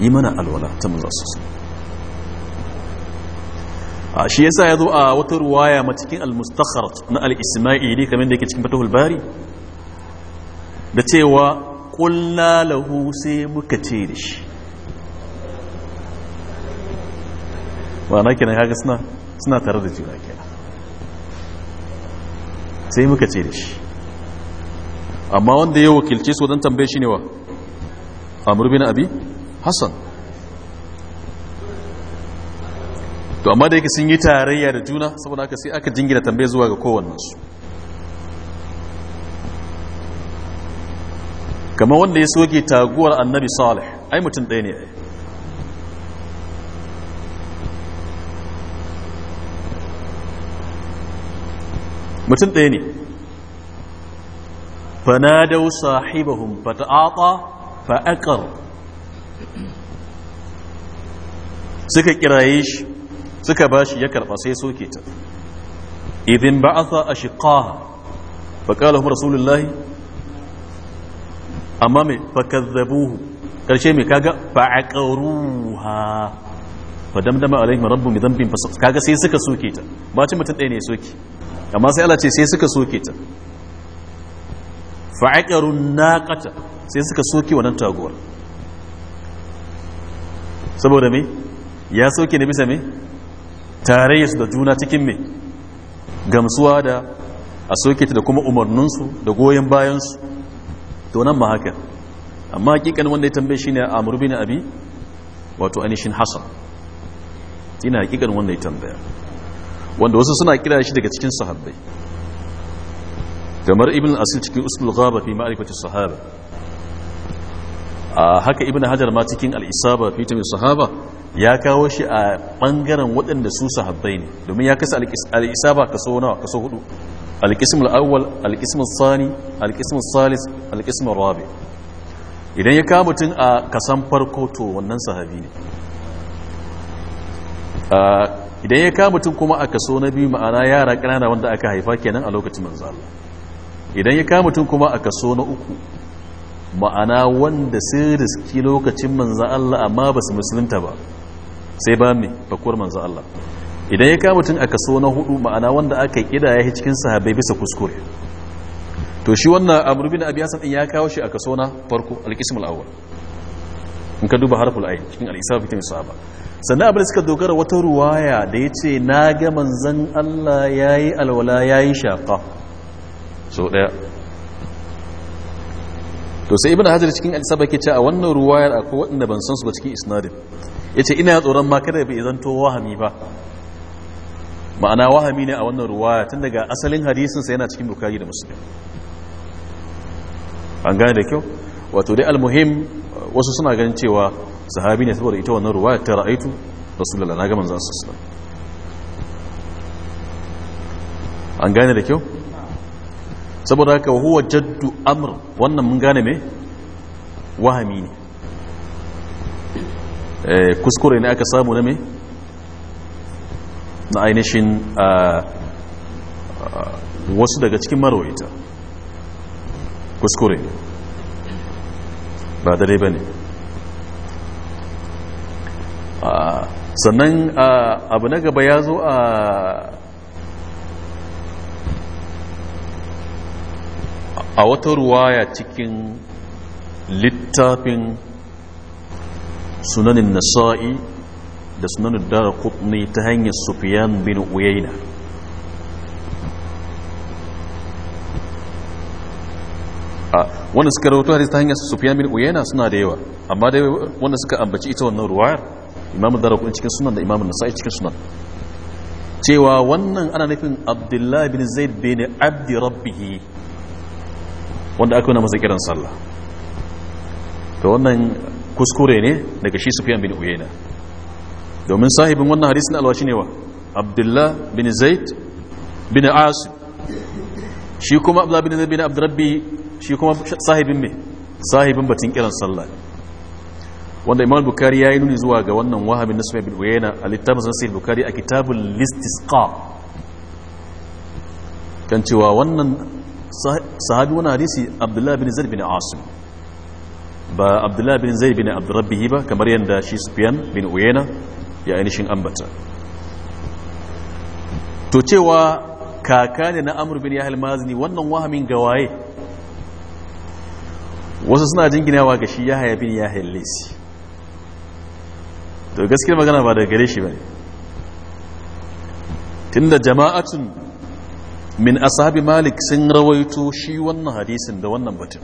yi mana alwala ta manzo sallallahu shi yasa ya zo a wata ruwaya ma cikin al-mustakharat na al-isma'ili kamar da yake cikin fatahul bari da cewa qulna lahu sai muka ce da shi ma'ana kenan kaga suna suna tare da juna kenan sai muka ce da shi amma wanda ya wakilce su wajen tambaye shi ne wa amr bin abi hassan to amma da yake sun yi tarayya da juna saboda haka sai aka jingina tambaye zuwa ga kowannensu kamar wanda ya soke taguwar annabi salih ai mutum ɗaya ne ai mutum ɗaya ne fanadau sahibahum fata'ata fa'aqar suka kiraye shi suka bashi ya karba sai soke ta idin ba a sa ba'atha ashiqaha fa kala hum rasulullahi amma me fakazzabuhu karshe me kaga fa'aqruha fa damdama alaihim rabbum bidhanbin fa kaga sai suka soke ta ba ci mutum ɗaya ne soke amma sai Allah ce sai suka soke ta fa'aqarun naqata sai suka soke wannan taguwar saboda me ya soke ne bisa me su da juna cikin mai gamsuwa da a soketa da kuma umarninsu da goyon bayansu to nan ma haka amma hakikan wanda ya tambaye shine amr bin abi wato anishin hasan ina hakikan wanda ya tambaya wanda wasu suna kira shi daga cikin sahabbai kamar ibn asil cikin usul Gaba fi ma'rifati sahaba a haka ibn hajar ma cikin al-isaba fi tamim sahaba ya kawo shi a bangaren waɗanda su sahabbai ne domin ya kasa ba kaso nawa kaso hudu alƙismul awwal alƙismul sani alƙismul salis alƙismul rabi idan ya kawo mutum a kasan farko to wannan sahabi ne idan ya kawo mutum kuma a kaso na biyu ma'ana yara ƙanana wanda aka haifa kenan a lokacin manzo Allah idan ya kawo mutum kuma a kaso na uku ma'ana wanda sai riski lokacin manzo Allah amma ba su musulunta ba sai ba mai bakuwar manzo Allah idan ya kama mutum a kaso na hudu ma'ana wanda aka ƙidaya ya cikin sahabbai bisa kuskure to shi wannan amr bin abi hasan ya kawo shi a kaso na farko al-qism al-awwal in ka duba harful ayin cikin al-isab cikin sahaba sannan abin suka dogara wata ruwaya da yace na ga manzon Allah yayi alwala yayi shaqa so daya to sai ibina hajar cikin al-isab ce a wannan ruwayar akwai wanda ban san su ba cikin isnadin ya ce ina tsoron ma kada bai zanto wahami ba ma'ana wahami ne a wannan ruwaya tun daga asalin hadisinsa yana cikin bukari da musulmi an gane da kyau wato dai almuhim wasu suna ganin cewa sahabi ne saboda ita wannan ruwaya ta ra'aitu rasulullah na gaman zasu sallam an gane da kyau saboda haka huwa jaddu amr wannan mun gane me wahami ne Eh, kuskure ne aka samu na me na ainihin ah, ah, wasu daga cikin marawaita kuskure ba dare ba ne ah, sannan abu na gaba ya zo a a wata ruwaya cikin littafin sunanin nasa'i da sunanin dara kutni ta hanyar sufiyan bin uyaina wanda suka rahoto hadis ta hanyar sufiyan bin uyaina suna da yawa amma dai wanda suka ambaci ita wannan ruwayar imamu dara kutni cikin sunan da imamu nasa'i cikin sunan cewa wannan ana nufin abdullahi bin zaid bin abdi rabbihi wanda aka yi masa kiran sallah ta wannan kuskure ne daga shi sufyan bin uyayna domin sahibin wannan hadisin alwashi ne wa abdullah bin zaid bin as shi kuma abdullah bin zaid bin abdurrabbi shi kuma sahibin me sahibin batun kiran sallah wanda imam bukari ya yi nuni zuwa ga wannan wahabin na sufyan bin uyayna a littafin sanasir bukari a kitabul listisqa kan cewa wannan sahabi wani hadisi abdullah bin zaid bin asim ba abdullahi bin zai bin abdurrabihi ba kamar yadda shi spiyan bin uyena ya ainihin ambata to cewa kaka ne na amur bin yahal mazini wannan wahamin gawaye wasu suna jinginawa ga shi yahaya bin yahal to gaskiyar magana ba daga gare shi ba ne tunda jama'atun min ashabi malik sun rawaito shi wannan hadisin da wannan batun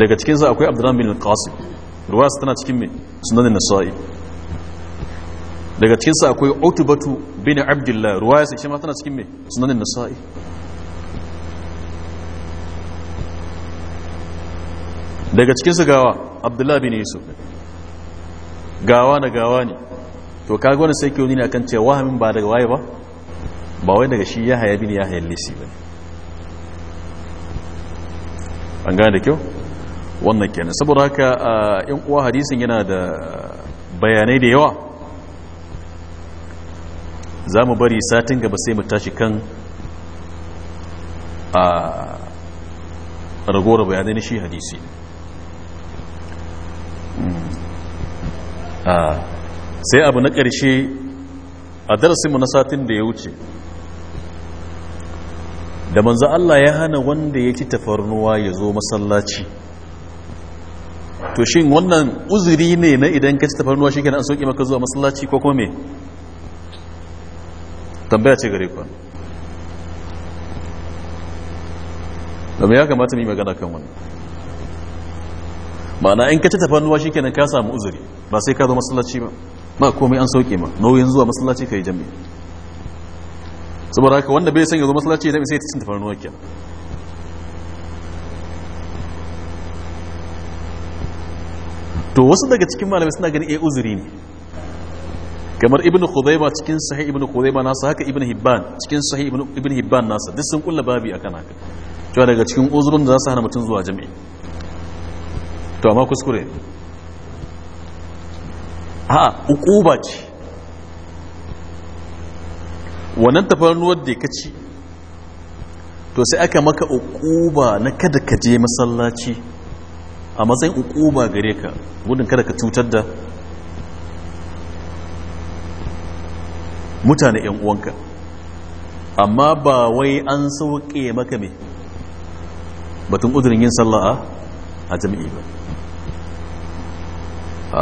daga cikinsa akwai abdullahi bin qasim ruwa tana cikin mai sunan nasa'i daga cikinsa akwai utubatu bin abdullah ruwa ya shi ma tana cikin mai sunan nasa'i daga cikinsa gawa Abdullahi bin yusuf gawa na gawa ne to kaga wani sai kyau ne akan cewa wahamin ba daga waye ba ba wai daga shi ya haya bin ya haya lisi ba an gane da kyau wannan kenan saboda haka yan uwa hadisin yana da bayanai da yawa za mu bari satin gaba sai mu tashi kan a ragowar bayanai na shi hadisi sai abu na ƙarshe a darasinmu na satin da ya wuce da manzo Allah ya hana wanda ya ci tafarnuwa ya zo masallaci to shi wannan uzuri ne na idan ka ci tafarnuwa shi kenan an sauƙi maka zuwa masallaci ko kuma me tambaya ce gare ku domin ya kamata mu yi magana kan wannan ma'ana in ka ci tafarnuwa shi kenan ka samu uzuri ba sai ka zo masallaci ba ba komai an sauƙi ma nauyin zuwa masallaci ka yi jami'i saboda haka wanda bai san ya zo masallaci ya sai ta cin tafarnuwa kenan to wasu daga cikin malamai suna ganin eh uzuri ne kamar ibn khuzaima cikin sahih ibn khuzaima nasa haka ibn hibban cikin sahih ibn hibban nasa duk sun kulla babi akan haka to daga cikin uzurin da za su hana mutum zuwa jami'i to amma kuskure a ukuba ce wannan tafarnuwar da ka ci to sai aka maka ukuba na kada ka je masallaci a matsayin ukuba gare ka gudun kada ka cutar da mutane 'yan uwanka amma ba wai an sauke maka mai batun udurin yin sallah a jami'i ba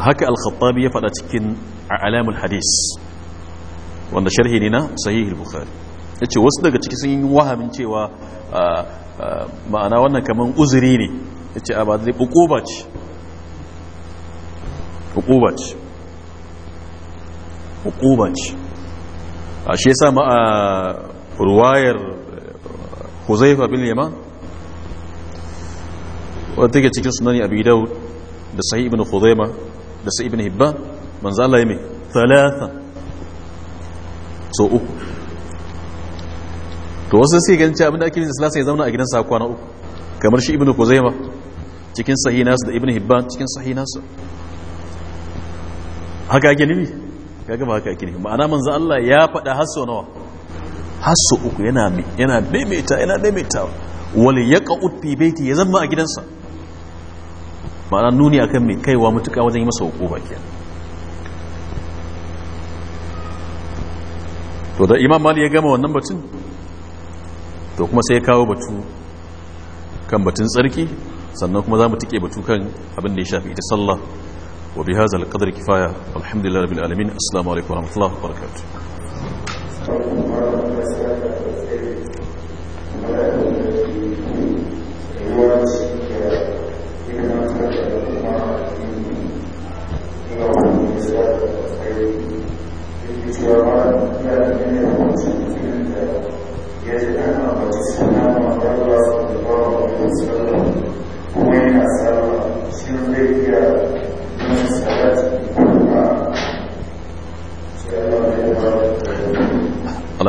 haka al-khattabi ya faɗa cikin alamul hadis wanda sharhi ne na sahihul bukhari ya ce wasu daga ciki sun yi wahamin cewa ma'ana wannan kamar uzuri ne ya ce a ba zai bukuba ce bukuba a shi yasa ma a ruwayar eh, huzaifa bin yaman wadda take cikin sunani abu daud da sahi ibn huzaima da sahi ibn hibba manzala ya mai talata so uku to wasu sai ganin cewa abinda ake yin salasa ya zauna a gidan sa kwana uku kamar shi ibnu kuzaima cikin sahi nasu da ibn hibban cikin sahi nasu haka ake nufi kaga ba haka ake nufi ma'ana manzo Allah ya faɗa hasso nawa hasso uku yana yana daimaita yana daimaita wal yaqut fi baiti ya zama a gidansa ma'ana nuni akan mai kaiwa mutuka wajen yi masa hukuma kenan to da imam mali ya gama wannan batun to kuma sai ya kawo batu kan batun tsarki sannan kuma za mu tike batu kan abin da ya shafi ita sallah wa bi hadha al-qadri kifaya alhamdulillah rabbil alamin assalamu alaikum wa rahmatullahi wa barakatuh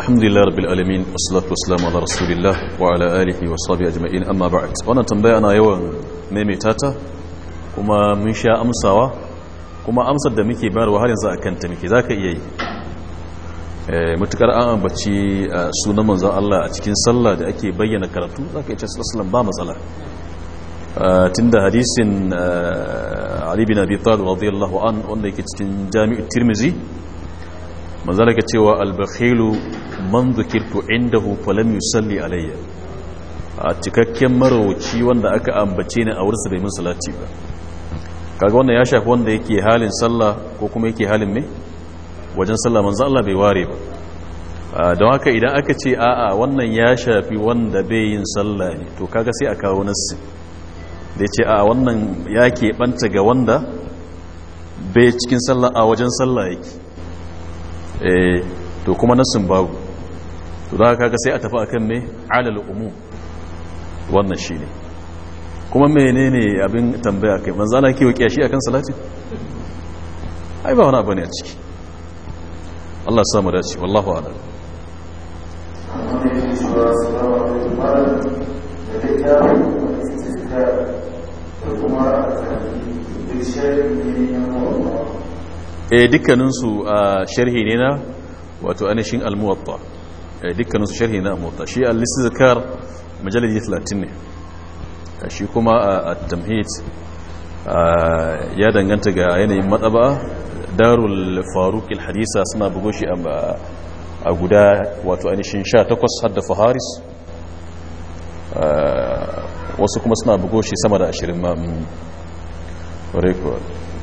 الحمد لله رب العالمين والصلاة والسلام على رسول الله وعلى آله وصحبه أجمعين أما بعد وانا تنبأ أنا يوم ميمي تاتا كما من شاء أمساوا كما أمسا دميكي بار وهل ينزا أكنت ميكي ذاك إيي mutukar an ambaci sunan manzon Allah a cikin sallah da ake bayyana karatu zaka yi cewa sallan ba matsala tunda hadisin Ali bin Abi Talib radiyallahu an wanda yake cikin Jami'u Tirmidhi manzala cewa albakhilu man zikirtu indahu falam yusalli alayya a cikakken marauci wanda aka ambace ni a wurinsa bai min salati ba kaga wannan ya shafi wanda yake halin sallah ko kuma yake halin me wajen sallah manzo Allah bai ware ba don haka idan aka ce a'a wannan ya shafi wanda bai yin sallah ne to kaga sai a kawo nassi da ya ce a wannan ya banta ga wanda bai cikin sallah a wajen sallah yake Eh, to kuma nassin babu to da kaga sai a tafi akan me alal umum wannan shine kuma menene abin tambaya kai manzo Allah kiwo kiyashi akan salati ai ba wani abu ne a ciki Allah ya samu dace wallahu a'lam da kuma a tsarki duk shirin ne na mawa e dukkaninsu a ah, sharhi ne na wato anishin almuwatta e dukkaninsu sharhi na almuwatta shi al-istizkar majalidi 30 ne ah, shi kuma a ah, tamhid ya danganta ga yanayin matsaba darul faruk al-hadisa suna bugo shi a guda wato ainihin 18 hadda faharis wasu kuma suna bugo shi sama da 20 ma'amun mm.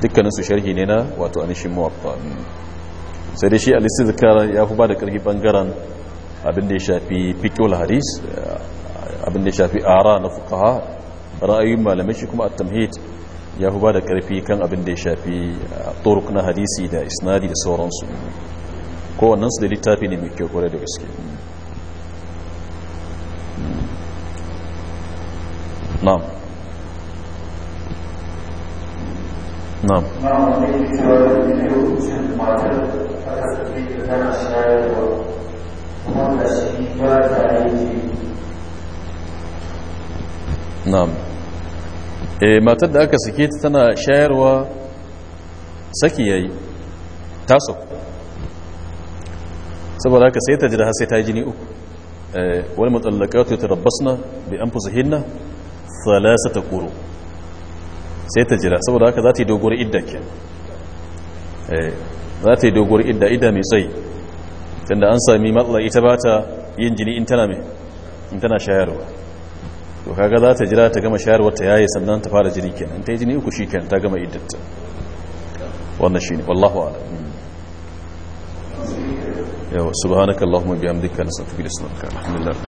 dukkaninsu sharhi ne na wato anishin muwaffa sai dai shi al-istizkar ya fi ba da karfi bangaren abin da ya shafi fiqhul hadis abin da ya shafi ara na fuqaha ra'ayin malamai shi kuma at-tamhid ya fi ba da karfi kan abin da ya shafi eh, turuk na hadisi da isnadi da sauransu kowannensu da littafi ne mai kyau kwarai da gaske na'am نعم نعم إيه، ما تد اكا سكيت تنا شاير و سكي اي تاسو سبا لاكا سيتا جرها سيتا جيني اوك إيه، والمطلقات يتربصنا بأنفسهن ثلاثة قرون sai ta jira saboda haka za ta yi doguwar idda ke eh, za ta yi doguwar idda idda mai tsayi tunda an sami matsala ita ba ta yin jini in tana shayarwa to kaga za ta jira ta gama shayarwar ta yaye sannan ta fara jini kenan ta yi jini uku shi kenan ta gama iddata wannan shi ne wallahu ala yawa subhanakallahumma bihamdika nastaghfiruka wa nastaghfiruka alhamdulillah